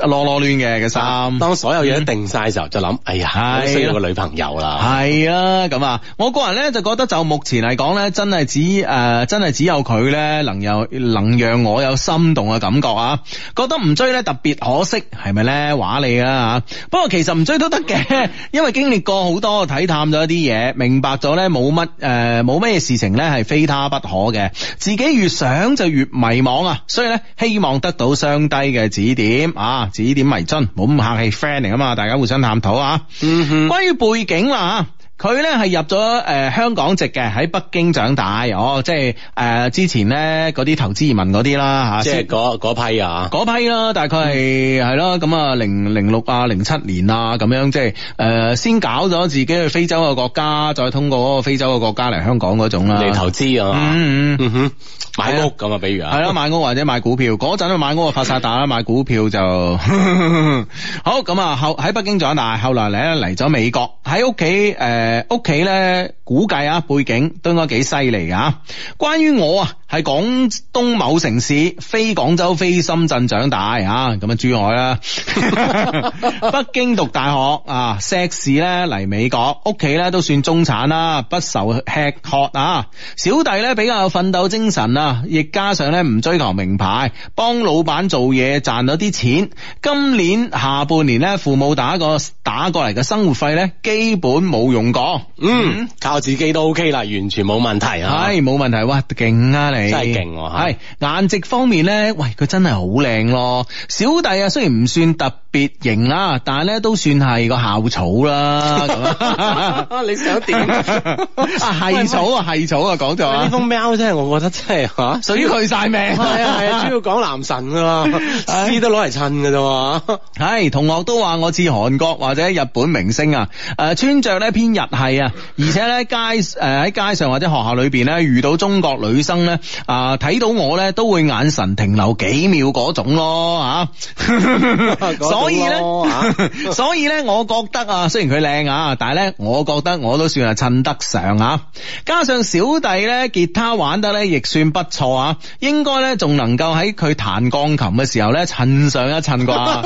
囉囉亂嘅。 心、啊、當所有嘢定晒嘅時候，嗯、就諗哎呀，我、啊、需要個女朋友啦。係啊，咁啊，我個人呢，就覺得，就目前嚟講呢，真係只誒、呃，真係只有佢呢，能有能讓我有心動嘅感覺啊。覺得唔追呢，特別可惜，係咪呢？話你啊，不過其實唔追都得嘅，因為經歷過好多睇探咗一啲嘢，明白咗呢，冇乜誒冇咩事情呢，係非他不可嘅。自己越想就越迷茫啊，所以呢，希望得到雙低嘅指點啊，指點迷津。冇咁客氣，friend 嚟噶嘛，大家互相探討吓。嗯哼，關於背景啦吓。佢咧係入咗誒、呃、香港籍嘅，喺北京長大，哦，即係誒、呃、之前咧嗰啲投資移民嗰啲啦吓，即係嗰批啊，嗰批啦，大概係係咯，咁啊零零六啊零七年啊咁樣，即係誒、呃、先搞咗自己去非洲嘅國家，再通過嗰個非洲嘅國家嚟香港嗰種啦，嚟投資啊，嗯，嗯，嗯買屋咁啊，的比如啊，係咯買屋或者買股票，嗰陣 買屋啊發晒達啦，買股票就 好，咁啊後喺北京長大，後來咧嚟咗美國，喺屋企誒。誒屋企咧。估計啊，背景都應該幾犀利噶吓。關於我啊，係廣東某城市，非廣州非深圳長大吓，咁啊珠海啦。 北京讀大學啊，碩士咧嚟美國，屋企咧都算中產啦，不愁吃喝啊。小弟咧比較有奮鬥精神啊，亦加上咧唔追求名牌，幫老闆做嘢賺到啲錢。今年下半年咧，父母打個打過嚟嘅生活費咧，基本冇用過。嗯。嗯我自己都 OK 啦，完全冇問題啊！係冇 問題，啊，哇勁啊你！真係勁喎！係顏值方面咧，喂佢真係好靚咯！小弟啊，雖然唔算特別型啦，啊，但係咧都算係個校草啦。 你想點？係， 啊、草啊，係草啊，講咗喂啊！呢，啊、封喵真係我覺得真係吓，屬於佢晒命。係 啊係 啊，主要講男神噶，啊、啦，試 都攞嚟襯噶啫嘛。係 同學都話我似韓國或者日本明星啊，誒 穿着咧偏日系啊，而且咧。街誒，喺街上或者學校裏邊咧遇到中國女生，咧啊睇到我咧都會眼神停留幾秒嗰種咯吓，所以咧所以咧我覺得啊雖然佢靚啊，但係咧我覺得我都算係襯得上啊，加上小弟咧吉他玩得咧亦算不錯啊，應該咧仲能夠喺佢彈鋼琴嘅時候咧襯上一襯啩，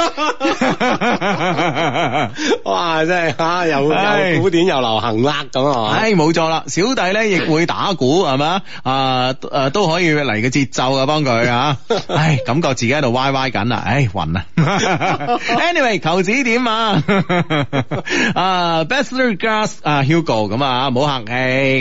哇真係吓，又又古典唉又流行啦咁係冇錯啦，小弟咧亦會打鼓係嘛，啊都啊都可以嚟個節奏幫啊，幫佢啊，唉，感覺自己喺度歪歪緊，哎 anyway, 啊，唉，暈啊，anyway 求指點啊，best regards 啊 Hugo 咁啊，唔好客氣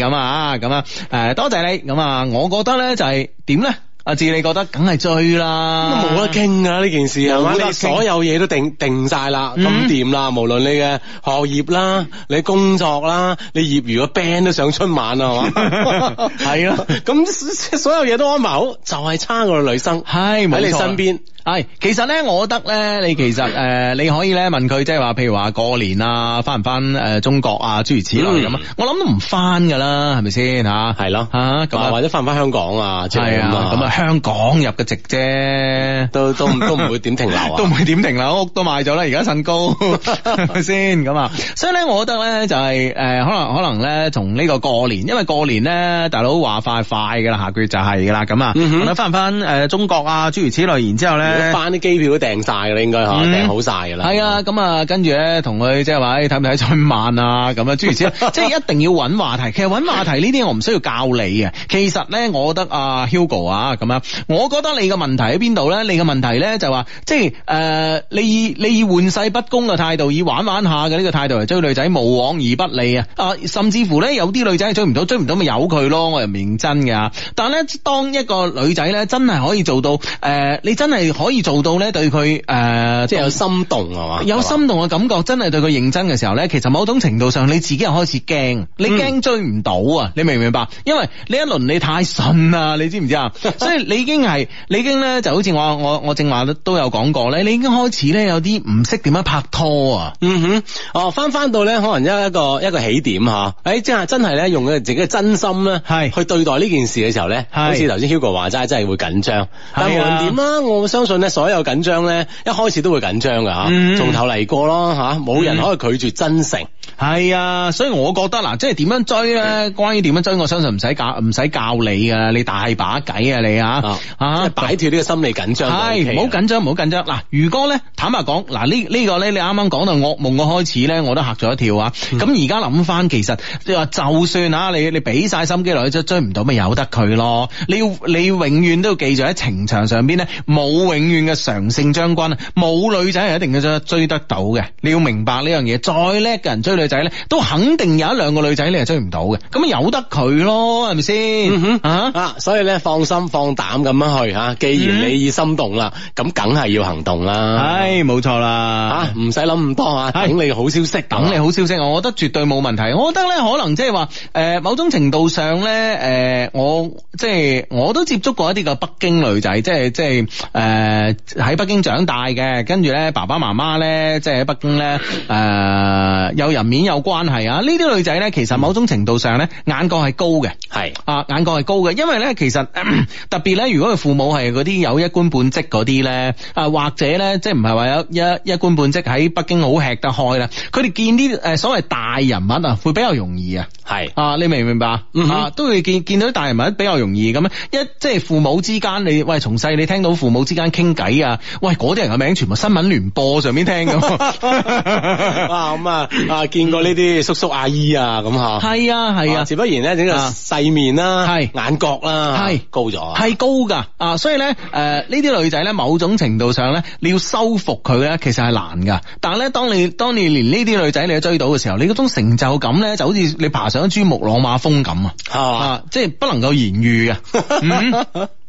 咁啊，咁啊，誒、啊啊啊啊，多謝你，咁啊，我覺得咧就係點咧？阿志，啊、你覺得梗係追啦，冇得傾噶呢件事，係嘛？你所有嘢都定定晒啦，咁掂啦。無論你嘅學業啦，你工作啦，你業餘個 band 都上春晚啊，係嘛？係咯，咁所有嘢都安排好就係、是、差個女生喺你身邊。係，其實咧，我覺得咧，你其實誒，你可以咧問佢，即係話，譬如話過年啊，翻唔翻誒中國啊，諸如此類咁的啊，我諗都唔翻噶啦，係咪先嚇？係咯。啊咁，或者翻唔翻香港啊？係啊，咁啊，香港入嘅籍啫，都都都唔會點停留，都唔會點停、啊、停留。屋都買咗啦，而家新高，係咪先咁啊？ 所以咧，我覺得咧就係、是、誒，可能可能咧，從呢個過年，因為過年咧，大佬話快快噶啦，下個月就係噶啦，咁啊，咁翻唔翻誒中國啊，諸如此類，然之後咧。翻啲機票都訂晒嘅啦，應該嚇、嗯、訂好晒嘅啦。係啊，咁啊，跟住咧，同佢即係話睇唔睇春晚啊？咁啊，諸如此，即係一定要揾話題。 其實揾話題呢啲，我唔需要教你啊。其實咧，我覺得啊，Hugo 啊，咁樣，我覺得你嘅問題喺邊度咧？你嘅問題咧就話、是，即係誒、呃，你以你以玩世不恭嘅態度，以玩玩下嘅呢個態度嚟追女仔，無往而不利啊！啊，甚至乎咧，有啲女仔追唔到，追唔到咪由佢咯，我又唔認真嘅、啊。但係咧，當一個女仔咧，真係可以做到誒、呃，你真係～、呃可以做到咧？對佢誒，即係有心動係嘛？有心動嘅感覺，真係對佢認真嘅時候咧，其實某種程度上你自己又開始驚，你驚追唔到啊！嗯、你明唔明白？因為呢一輪你太順啦，你知唔知啊？ 所以你已經係，你已經咧就好似我我我正話都有講過咧，你已經開始咧有啲唔識點樣拍拖啊！嗯哼，哦，翻翻到咧，可能一個一個起點嚇，誒、哎，即係真係咧用佢自己嘅真心咧，係去對待呢件事嘅時候咧，是好似頭先 Hugo 話齋，真係會緊張，的但無論點啦，我相相信咧，所有緊張咧，一開始都會緊張嘅嚇，嗯、從頭嚟過咯嚇，冇人可以拒絕真誠。係、嗯、啊，所以我覺得嗱，即係點樣追咧？關於點樣追， 我相信唔使教，唔使教你嘅，你大把計啊你嚇啊，哦、啊擺脫呢個心理緊張，係唔好緊張，唔好緊張。嗱，如果咧，坦白講嗱，呢、這、呢個咧，你啱啱講到噩夢嘅開始咧，我都嚇咗一跳啊！咁而家諗翻，其實即係話就算啊，你你俾曬心機落去，即追唔到，咪由得佢咯。你要你永遠都要記住喺情場上邊咧，冇永遠嘅常勝將軍，冇女仔係一定嘅追得到嘅。你要明白呢樣嘢，再叻嘅人追女仔咧，都肯定有一兩個女仔你係追唔到嘅。咁由得佢咯，係咪先？嗯、哼啊，啊，所以咧，放心放膽咁樣去吓、啊。既然你已心動啦，咁梗係要行動啦。唉，冇錯啦，吓唔使諗咁多啊。等你好消息，等你好消息。我覺得絕對冇問題。我覺得咧，可能即係話，誒、呃，某種程度上咧，誒、呃，我即係我都接觸過一啲嘅北京女仔，即係、呃、即係誒。誒，喺北京長大嘅，跟住咧爸爸媽媽咧，即係喺北京咧，誒、呃，有人面有關係啊！呢啲女仔咧，其實某種程度上咧，眼角係高嘅，係是啊，眼角係高嘅，因為咧，其實咳咳特別咧，如果佢父母係嗰啲有一官半職嗰啲咧，啊，或者咧，即係唔係話有一一官半職喺北京好吃得開啦，佢哋見啲誒所謂大人物啊，會比較容易啊，係是啊，你明唔明白？嗯、哼啊，都會見見到啲大人物比較容易咁啊，一即係父母之間，你喂從細你聽到父母之間。傾偈啊！喂，嗰啲人嘅名全部新聞聯播上面聽咁。啊咁啊啊見過呢啲叔叔阿姨啊咁吓。係啊係啊，自、啊啊、不然咧整個世面啦、啊，係是眼角啦、啊，係是高咗了，係高噶。啊，所以咧誒呢啲、呃、女仔咧，某種程度上咧，你要收服佢咧，其實係難噶。但係咧，當你當你連呢啲女仔你都追到嘅時候，你嗰種成就感咧，就好似你爬上一珠穆朗瑪峰咁 啊，啊即係不能夠言喻啊。嗯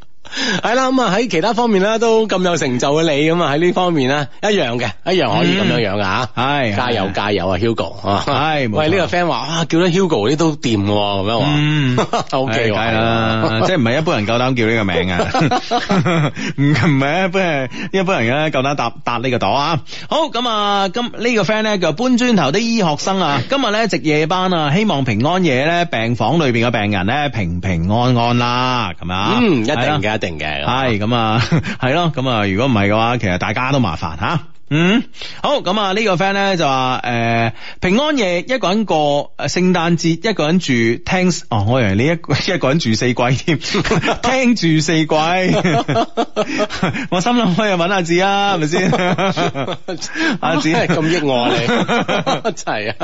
係啦，咁啊喺其他方面咧都咁有成就嘅，你咁啊喺呢方面啊一樣嘅，一樣可以咁樣樣嘅吓，係加油加油啊，Hugo 啊，係，喂呢個 friend 話哇叫得 Hugo 啲都掂咁樣話，嗯 OK 係啦，即係唔係一般人夠膽叫呢個名啊，唔唔係一般係一般人咧夠膽搭搭呢個朵啊，好咁啊今呢個 friend 咧叫搬磚頭啲醫學生啊，今日咧值夜班啊，希望平安夜咧病房裏邊嘅病人咧平平安安啦，咁啊嗯一定嘅。定嘅，係咁啊，係 咯，咁、嗯、啊、嗯嗯，如果唔係嘅話，其實大家都麻煩吓。嗯嗯，好咁啊呢個 friend 咧就話，誒平安夜一個人過，誒聖誕節一個人住聽哦，我以為你一一個人住四季添聽住四季， 我心諗，可以問阿子啊係咪先，阿子係咁益我，你一齊啊。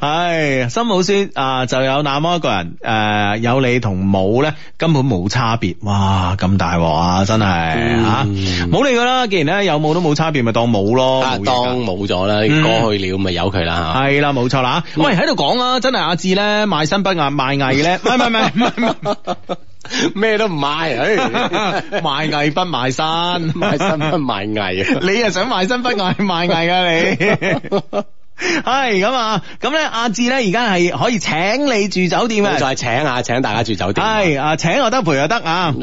唉，心冇先啊，就有那麼一個人，誒有你同冇咧，根本冇差別哇。咁大鑊啊，真係啊，冇理佢啦，既然咧有冇都冇。差別咪當冇咯，當冇咗啦，過去了咪由佢啦吓。係、嗯、啦，冇錯啦吓。喂，喺度講啦，真係阿志咧賣身不賣賣藝咧，唔係唔係唔係咩都唔賣，賣藝不賣身，賣身不賣藝，你又想賣身不賣 賣賣藝啊你。 係咁啊，咁咧阿志咧而家係可以請你住酒店啊！再請啊，請大家住酒店。係啊，請又得，陪又得啊！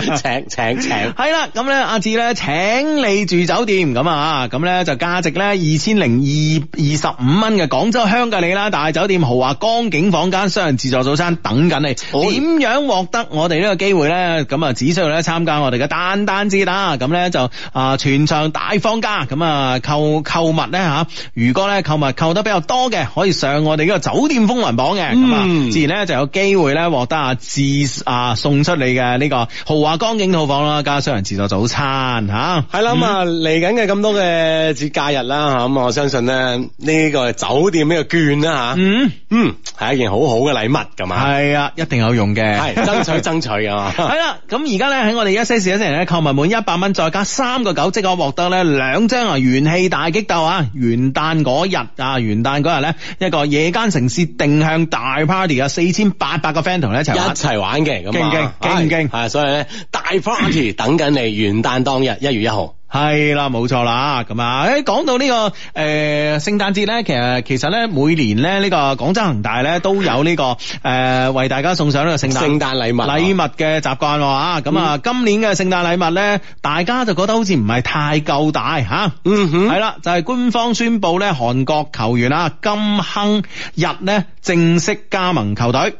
請請請，係啦，咁咧阿志咧請你住酒店咁啊，咁咧就價值咧二千零二二十五蚊嘅廣州香格里拉大酒店豪華江景房間雙人自助早餐等緊你。點樣獲得我哋呢個機會咧？咁啊，只需要咧參加我哋嘅單單之打。咁咧就啊全場大放價。咁啊購購物咧吓。如果咧購物購得比較多嘅，可以上我哋呢個酒店風雲榜嘅，咁、嗯、啊，自然咧就有機會咧獲得啊自啊送出你嘅呢個豪華江景套房啦，加雙人自助早餐吓。係、啊、啦，咁、嗯、啊嚟緊嘅咁多嘅節假日啦，吓、啊、咁我相信咧呢、這個酒店呢個券啦吓，啊、嗯嗯係一件好好嘅禮物，係、啊、嘛，係啊，一定有用嘅，係爭取爭取 啊。嘛。係啦，咁而家咧喺我哋一些事一些情咧，購物滿一百蚊再加三個九，即可獲得咧兩張元氣大激鬥啊元。啊元旦嗰日啊，元旦嗰日咧，一個夜間城市定向大 party 啊，四千八百個 friend 同你一齊玩，一齊玩嘅咁啊，勁唔勁？係，所以咧，大 party 等緊你元旦當日一月一號。係啦，冇錯啦，咁、呃、啊，誒，講到呢個誒，聖誕節咧，其實其實咧，每年咧呢個廣州恒大咧都有呢、這個誒、 呃、為大家送上呢個聖誕聖誕禮物禮物嘅習慣啊。咁啊、嗯，今年嘅聖誕禮物咧，大家就覺得好似唔係太夠大吓，嗯哼，係啦，就係、是、官方宣布咧，韓國球員啊金亨日呢正式加盟球隊。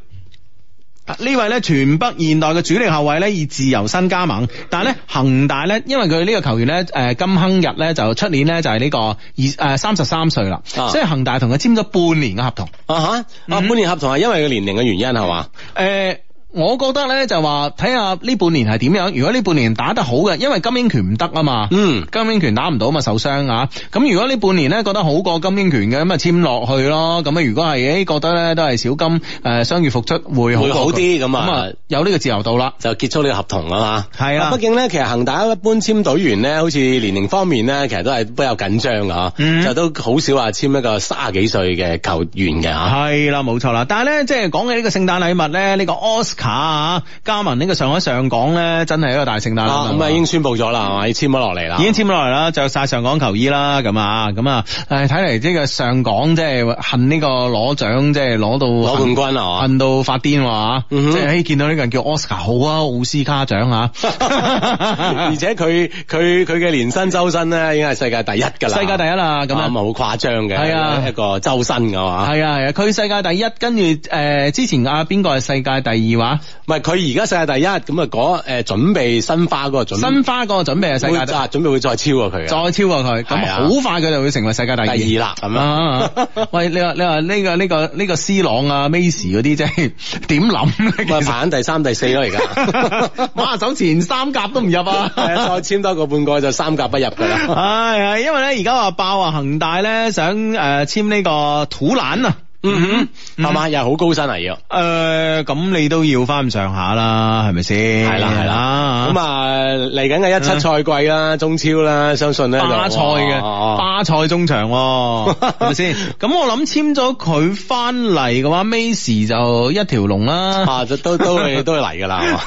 位呢位咧，全北現代嘅主力後衛咧，以自由身加盟。但係咧，恒大咧，因為佢呢個球員咧，誒、呃，金亨日咧，就出年咧就係呢、這個二誒三十三歲啦，啊、所以恒大同佢簽咗半年嘅合同。啊吓，啊半年合同係因為佢年齡嘅原因係嘛？誒、嗯。吧我覺得咧就話睇下呢半年係點樣，如果呢半年打得好嘅，因為金英權唔得啊嘛，嗯，金英權打唔到啊嘛受傷啊，咁如果呢半年咧覺得好過金英權嘅，咁啊簽落去咯，咁啊如果係誒、哎、覺得咧都係小金誒傷愈復出會會好啲咁啊，有呢個自由度啦，就結束呢個合同啊嘛，係啊的，畢竟咧其實恒大一般簽隊員咧，好似年齡方面咧，其實都係比較緊張噶，就都好少話簽一個卅幾歲嘅球員嘅吓，係啦，冇錯啦，但係咧即係講起呢個聖誕禮物咧，呢、這個奧斯卡卡啊！加盟呢個上海上港咧，真係一個大聖誕啦！咁啊，已經宣布咗啦，係咪？簽咗落嚟啦，已經簽咗落嚟啦，着晒上港球衣啦，咁啊，咁啊，誒，睇嚟呢個上港即係恨呢個攞獎，即係攞到攞冠軍啊！恨到發癲哇！即係可以見到呢個人叫 Oscar 好啊，奧斯卡獎啊！ 而且佢佢佢嘅年薪周薪咧，已經係世界第一噶啦，世界第一樣是是啊！咁啊，係咪好誇張嘅，係啊，一個周薪嘅話，係啊，佢世界第一，跟住誒，之前啊，邊個係世界第二話？吓，唔係佢而家世界第一，咁啊嗰誒，準備申花嗰個準，申花嗰個準備係世界，準備會再超過佢，再超過佢，咁好快佢就會成為世界第二啦，係嘛？喂，你話你話呢個呢個呢個 C 朗啊，Mace 嗰啲啫，係點諗？咪排喺第三、第四咯而家，哇，走前三甲都唔入啊！再簽多個半個就三甲不入噶啦。唉，因為咧而家話爆啊，恒大咧想誒，簽呢個土蘭啊。嗯哼，係嘛，又係好高薪嚟嘅誒，咁你都要翻咁上下啦，係咪先？係啦，係啦。咁啊，嚟緊嘅一七賽季啦，中超啦，相信咧，巴塞嘅巴塞中場係咪先？咁我諗簽咗佢翻嚟嘅話，Mais 就一條龍啦，吓，都都都係都係嚟噶啦。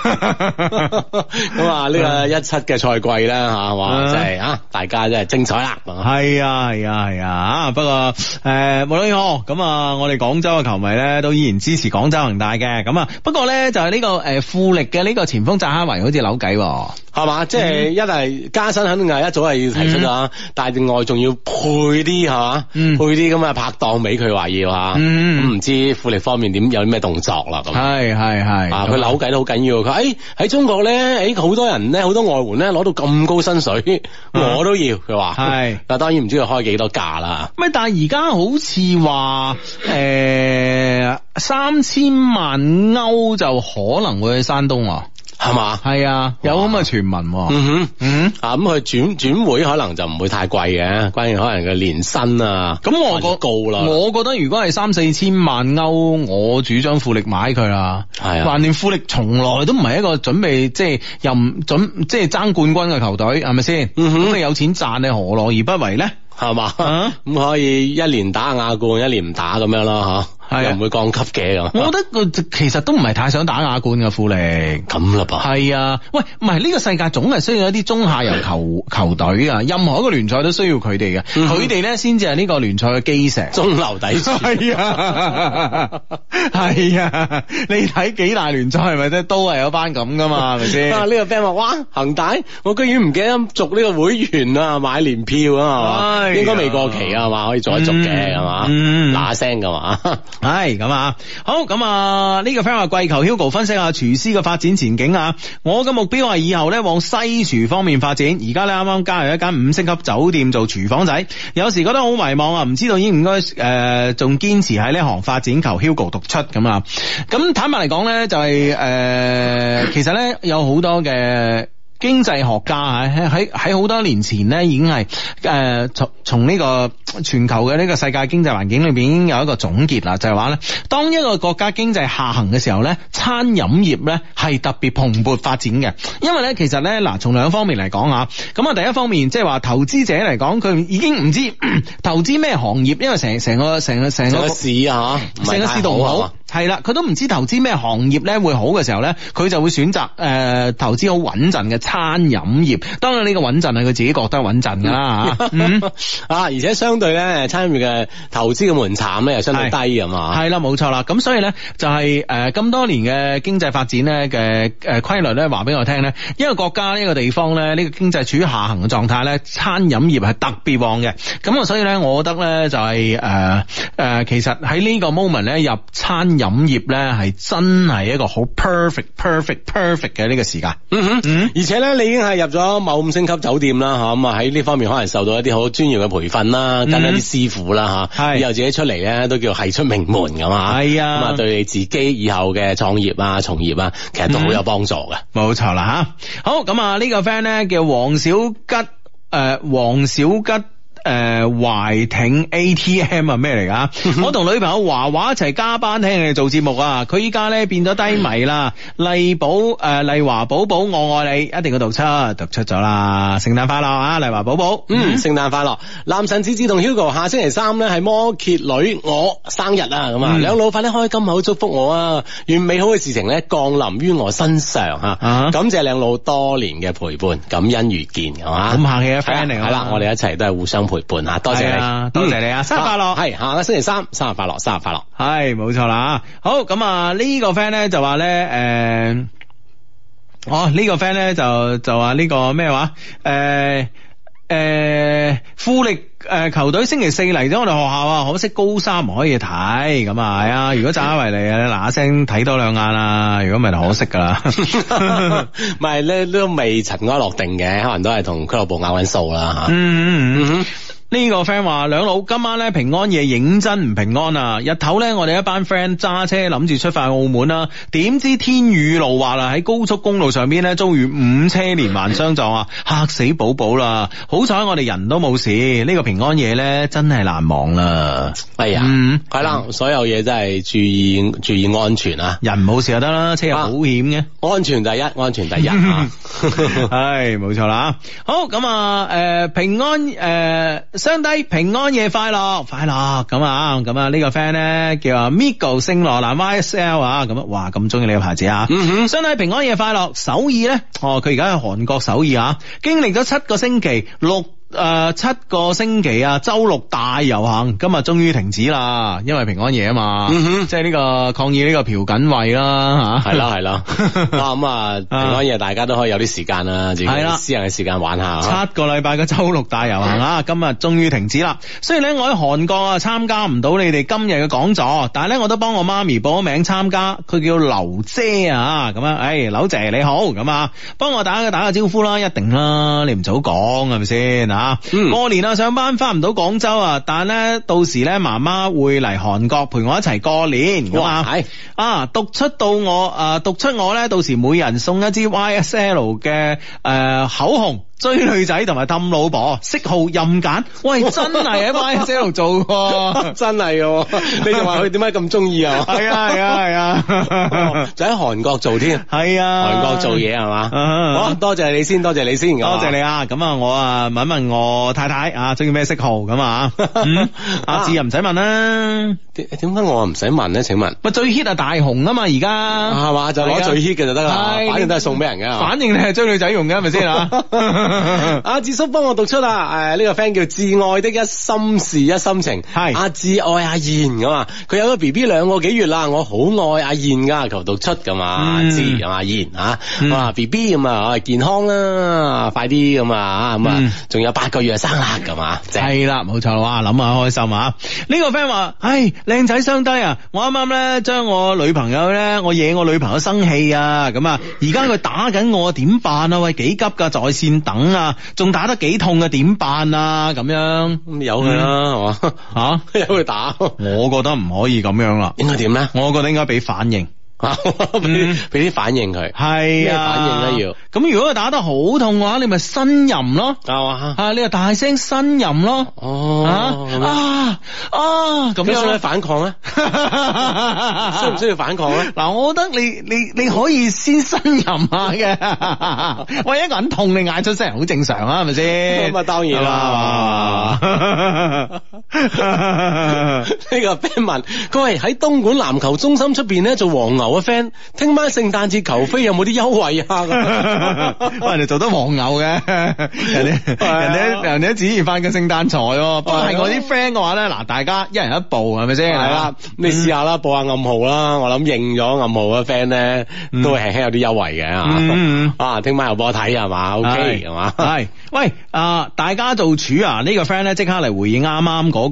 咁啊，呢個一七嘅賽季咧，吓哇，真係啊，大家真係精彩啦！係啊，係啊，係啊。啊，不過誒，無論如何，咁啊，我。我哋廣州嘅球迷咧，都依然支持廣州恒大嘅，咁啊不過咧，就係呢個誒富力嘅呢個前鋒扎哈維，好似扭計。係嘛， 即係一係加薪，肯定係一早係要提出啦。嗯、但係另外仲要配啲吓、嗯、配啲咁嘅拍檔俾佢話要吓，唔、嗯、知富力方面點有啲咩動作啦咁。係係係，佢、啊、是扭計都好緊要。佢誒喺中國咧，誒、哎、好多人咧，好多外援咧攞到咁高薪水，我、 嗯、都要佢話。係，是但係當然唔知佢開幾多價啦。咩？但係而家好似話誒三千萬歐就可能會去山東，東，東、啊。係嘛？係啊，有咁嘅傳聞。嗯哼，嗯，啊、嗯，咁佢轉轉會可能就唔會太貴嘅，關於可能嘅年薪啊。咁、嗯、我個告啦，我覺得如果係三四千萬歐，我主張富力買佢啦。係啊，橫掂富力從來都唔係一個準備即係又唔準即係爭冠軍嘅球隊，係咪先？咁、嗯、哼你有錢賺，你何樂而不為咧？係嘛吧？咁、嗯、 可以一年打亞冠，一年唔打咁樣啦，吓。係又唔會降級嘅，我覺得其實都唔係太想打亞冠嘅富力咁啦吧。係啊，喂，唔係呢個世界總係需要一啲中下游球球隊啊，任何一個聯賽都需要佢哋嘅，佢哋咧先至係呢個聯賽嘅基石，中流砥柱。係啊，你睇幾大聯賽係咪啫？都係有班咁噶嘛，係咪先？呢個 friend 話哇恒大，我居然唔記得續呢個會員啊，買年票啊，係嘛？應該未過期啊嘛，可以再續嘅係嘛？嗱一聲噶嘛？係咁、哎、啊，好咁啊，呢、這個 friend 話跪求 Hugo 分析下廚師嘅發展前景啊！我嘅目標係以後咧往西廚方面發展，而家咧啱啱加入一間五星級酒店做廚房仔，有時覺得好迷茫啊，唔知道應唔應該誒仲、呃、堅持喺呢行發展求讀，求 Hugo 獨出咁啊！咁坦白嚟講咧，就係、是、誒、呃，其實咧有好多嘅。經濟學家喺喺喺好多年前咧，已經係誒從從呢個全球嘅呢個世界經濟環境裏邊已經有一個總結啦，就係話咧，當一個國家經濟下行嘅時候呢，餐飲業呢係特別蓬勃發展嘅，因為呢，其實呢，嗱，從兩方面嚟講啊。咁啊第一方面即係話投資者嚟講，佢已經唔知呵呵投資咩行業，因為成成個成個成個市啊，成個市道，道好啊。係啦，佢都唔知投資咩行業咧會好嘅時候咧，佢就會選擇誒、呃、投資好穩陣嘅餐飲業。當然呢個穩陣係佢自己覺得穩陣啦吓。啊、 嗯，而且相對咧餐飲業嘅投資嘅門檻咧又相對低啊嘛。係啦，冇錯啦。咁所以咧就係誒咁多年嘅經濟發展咧嘅誒規律咧話俾我聽咧，一個國家一個地方咧呢、這個經濟處於下行嘅狀態咧，餐飲業係特別旺嘅。咁啊，所以咧我覺得咧就係誒誒，其實喺呢個 moment 咧入餐。飲業咧係真係一個好 per perfect perfect perfect 嘅呢個時間，嗯哼，嗯，而且咧你已經係入咗某五星級酒店啦嚇，咁啊喺呢方面可能受到一啲好專業嘅培訓啦，跟一啲師傅啦嚇，嗯、以後自己出嚟咧都叫係出名門咁嚇，係啊、嗯，咁啊對你自己以後嘅創業啊從業啊，其實都好有幫助嘅，冇、嗯、錯啦嚇。好咁啊呢個 friend 咧叫黃小吉，誒、呃、黃小吉。誒，懷挺 ATM 係咩嚟噶我同女朋友華華一齊加班聽你哋做節目啊！佢依家咧變咗低迷啦。麗寶誒，麗華寶寶，我愛你，一定個讀出讀出咗啦！聖誕快樂啊，麗華寶寶。嗯，聖誕快樂。男神子子同 Hugo 下星期三咧係摩羯女我生日啊！咁啊，兩老快啲開金口祝福我啊！願美好嘅事情咧降臨於我身上啊！感謝兩老多年嘅陪伴，感恩遇見，係嘛？咁客氣啊，friend 係啦，我哋一齊都係互相陪。伴啊，多謝你，嗯、多謝你啊，生日快樂！係吓，星期三，生日快樂，生日快樂，係冇錯啦吓。好咁啊，呢、這個 friend 咧就話咧，誒、呃，哦，呢、這個 friend 咧就就話呢個咩話，誒、呃。誒、欸，富力誒、呃、球隊星期四嚟咗我哋學校啊，可惜高三唔可以睇，咁啊係啊，如果陣間嚟，你嗱一聲睇多兩眼啦，如果唔係，就可惜噶啦。唔係咧，都未塵埃落定嘅，可能都係同俱樂部拗緊數啦吓。嗯嗯嗯。 呢個 friend 話兩老今晚咧，平安夜認真唔平安啊！日頭咧我哋一班 friend 揸車諗住出發澳門啦，啊，點知天雨路滑啦，喺高速公路上面咧遭遇五車連環相撞啊，吓、嗯、死寶寶啦！好彩我哋人都冇事，呢、呢個平安夜咧真係難忘啦，啊。哎呀，嗯，係啦，哎，所有嘢真係注意注意安全啊，人冇事就得啦，車有保險嘅，安全第一，安全第一啊，係冇錯啦。好咁啊，誒、呃、平安誒。呃兄弟平安夜快樂快樂，咁啊咁啊、這個、呢個 friend 咧，叫阿 Migo 聖羅蘭 YSL 啊，咁啊，哇咁中意呢個牌子，啊嗯，兄弟平安夜快樂。首爾咧，哦佢而家喺韓國首爾啊經歷咗七個星期六。誒、呃，七個星期啊，周六大遊行，今日終於停止啦，因為平安夜啊嘛，嗯、哼即係呢、這個抗議呢個朴槿惠啦，吓係咯係咯，咁啊 平安夜大家都可以有啲時間啊，自己私人嘅時間玩下、啊。七個禮拜嘅周六大遊行啊，今日終於停止啦。雖然咧，我喺韓國啊參加唔到你哋今日嘅講座，但係咧我都幫我媽咪報咗名參加，佢叫劉姐啊，咁、嗯、啊，誒、哎，劉姐你好，咁、嗯、啊，幫我打個打個招呼啦，一定啦，你唔早講係咪先嗱？是啊！嗯、過年啊，上班返唔到廣州啊，但咧到時咧媽媽會嚟韓國陪我一齊過年。哇說，係啊，讀出到我誒、呃，讀出我咧，到時每人送一支 YSL 嘅誒、呃、口紅。追女仔同埋氹老婆，色號任揀。喂，哇 真係 啊，喺車路做喎，真係。你仲話佢點解咁中意啊？係啊係啊係啊，啊啊 哦、就喺韓國做添。係啊，韓國做嘢係嘛？啊、好，多謝你先，多謝你先，多謝你啊。咁啊，我啊問一問我太太啊，中意咩色號咁啊？阿志又唔使問啦。點解我唔使問咧？請問，咪最 hit 啊，大紅嘛啊嘛而家，係嘛就攞、是、最 hit 嘅就得啦，hey, 反正都係送俾人噶。你反正你係追女仔用噶，咪先 啊！阿智叔幫我讀出啊，誒、這、呢個 friend 叫摯愛的一心事一心情，係阿摯愛阿燕咁啊，佢有個 B B 兩個幾月啦，我好愛阿燕噶，求讀出咁 啊，摯阿燕吓，哇 B B 咁啊健康啊嘛啊啊嘛啦，快啲咁啊咁啊，仲有八個月生啦咁啊，係啦冇錯，哇諗下開心啊！呢個 friend 話，唉。靚仔相低啊！我啱啱咧將我女朋友咧，我惹我女朋友生氣啊！咁啊，而家佢打緊我，點辦啊？喂，幾急噶，啊！在線等啊，仲打得幾痛啊？點辦啊？咁樣由佢啦，係嘛吓由佢打， 我覺得唔可以咁樣啦，應該點咧？我覺得應該俾反應。啊，俾啲俾啲反應佢，係咩反應咧？要咁如果佢打得好痛嘅話，你咪呻吟咯，係嘛？啊，你又大聲呻吟咯，哦，啊啊，咁樣，需唔需要反抗咧？需唔需要反抗咧？嗱，我覺得你你你可以先呻吟下嘅，我一個人痛，你嗌出聲好正常啊，係咪先？咁啊，當然啦，呢個 Ben 文，佢係喺東莞籃球中心出邊咧做黃牛。我個 friend 聽晚聖誕節球飛有冇啲優惠啊？ 人哋做得黃牛嘅，人哋 對、啊、人哋人哋自然發個聖誕財。 對啊、不過係我啲 friend 嘅話咧，嗱，大家一人一部係咪先？係啦，對啊嗯、你試下啦，報下暗號啦。我諗認咗暗號嘅 friend 咧，嗯、都會輕輕有啲優惠嘅。啊，聽晚又幫我睇係嘛？O K 係嘛？係。Okay, 喂，啊，大家做廚啊，呢個 friend 咧即刻嚟回應啱啱嗰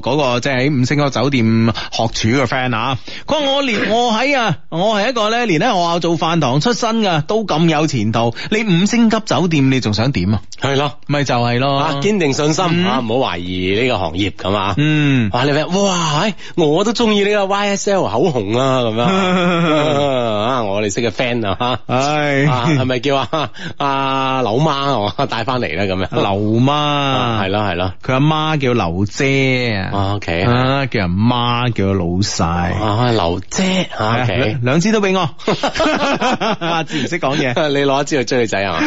個個即係喺五星級酒店學廚嘅 friend 啊，佢話我連我喺啊，我係一個咧連喺學校做飯堂出身噶都咁有前途，你五星級酒店你仲想點啊？係咯，咪就係咯，堅定信心吓，唔好懷疑呢個行業咁啊。嗯，哇你咩？哇，我都中意呢個 YSL 口紅啊，咁樣啊，我哋識嘅 friend 啊，唉，係咪叫啊阿柳媽啊，大翻？嚟啦咁樣，劉媽係咯係咯，佢阿媽叫劉姐啊，O K 啊，叫阿媽叫阿老細啊，劉姐 O K，兩支都俾我，阿志唔識講嘢，你攞一支去追女仔係嘛？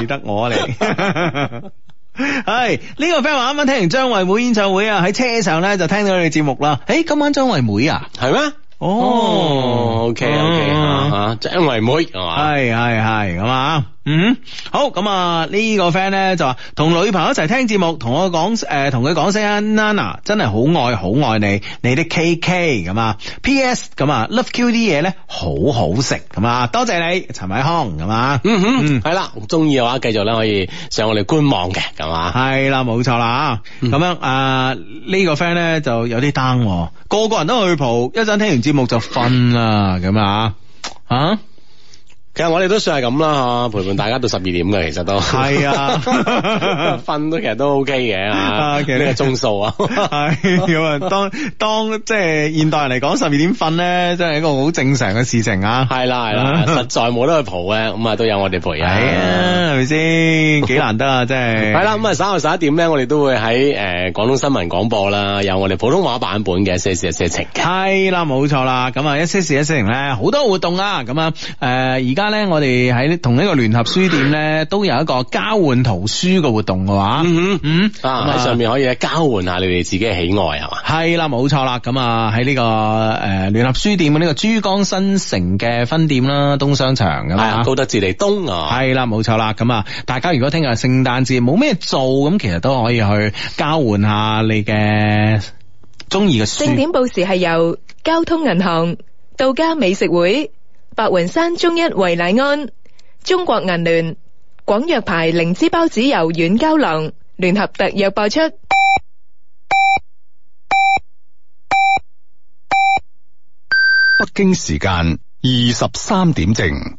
唔得我你，係呢個 friend 話啱啱聽完張惠妹演唱會啊，喺車上咧就聽到你哋節目啦，誒今晚張惠妹啊，係咩？哦，O K O K，啊張惠妹係嘛，係係係咁啊。嗯，好，咁啊，這個，呢個 friend 咧，就話同女朋友一齊聽節目，同我講誒，同佢講聲 Nana 真係好愛好愛你，你的 KK 咁啊，PS 咁啊，Love Q 啲嘢，咧好好食咁啊，多謝你陳偉康咁啊，嗯哼，係，嗯嗯，啦，中意嘅話繼續咧可以上我哋官網嘅，係啊，係啦，冇錯啦，咁樣啊，呢個 friend 咧就有啲 down，、啊、個個人都去蒲，一陣聽完節目就瞓啦，咁啊，啊？啊其實我哋都算係咁啦，吓陪伴大家到十二點嘅，其實都係啊，瞓都其實都 OK 嘅啊，其實呢個鐘數啊，係咁當當即係現代人嚟講，十二點瞓咧，真係一個好正常嘅事情啊！係啦係啦，實在冇得去蒲嘅，咁啊都有我哋陪啊，係啊，係咪先？幾難得啊，真係！係啦，咁啊，十號十一點咧，我哋都會喺誒廣東新聞廣播啦，有我哋普通話版本嘅一些事一些情嘅係啦，冇錯啦，咁啊一些事一些情咧好多活動啊，咁啊誒而家。而家咧，我哋喺同一個聯合書店咧，都有一個交換圖書嘅活動嘅話，嗯嗯嗯，咁喺、啊啊、上面可以交換下你哋自己嘅喜愛係嘛，係啦，冇錯啦。咁啊，喺呢、這個誒聯、呃、合書店嘅呢個珠江新城嘅分店啦，東商場噶啦，啊、的高德置地東啊，係啦，冇錯啦。咁啊，大家如果聽日聖誕節冇咩做，咁其實都可以去交換下你嘅中意嘅書。正點報時係由交通銀行，道家美食會。白雲山中一維乃安，中國銀聯廣藥牌靈芝包子油軟膠囊，聯合特約播出。北京時間二十三點正。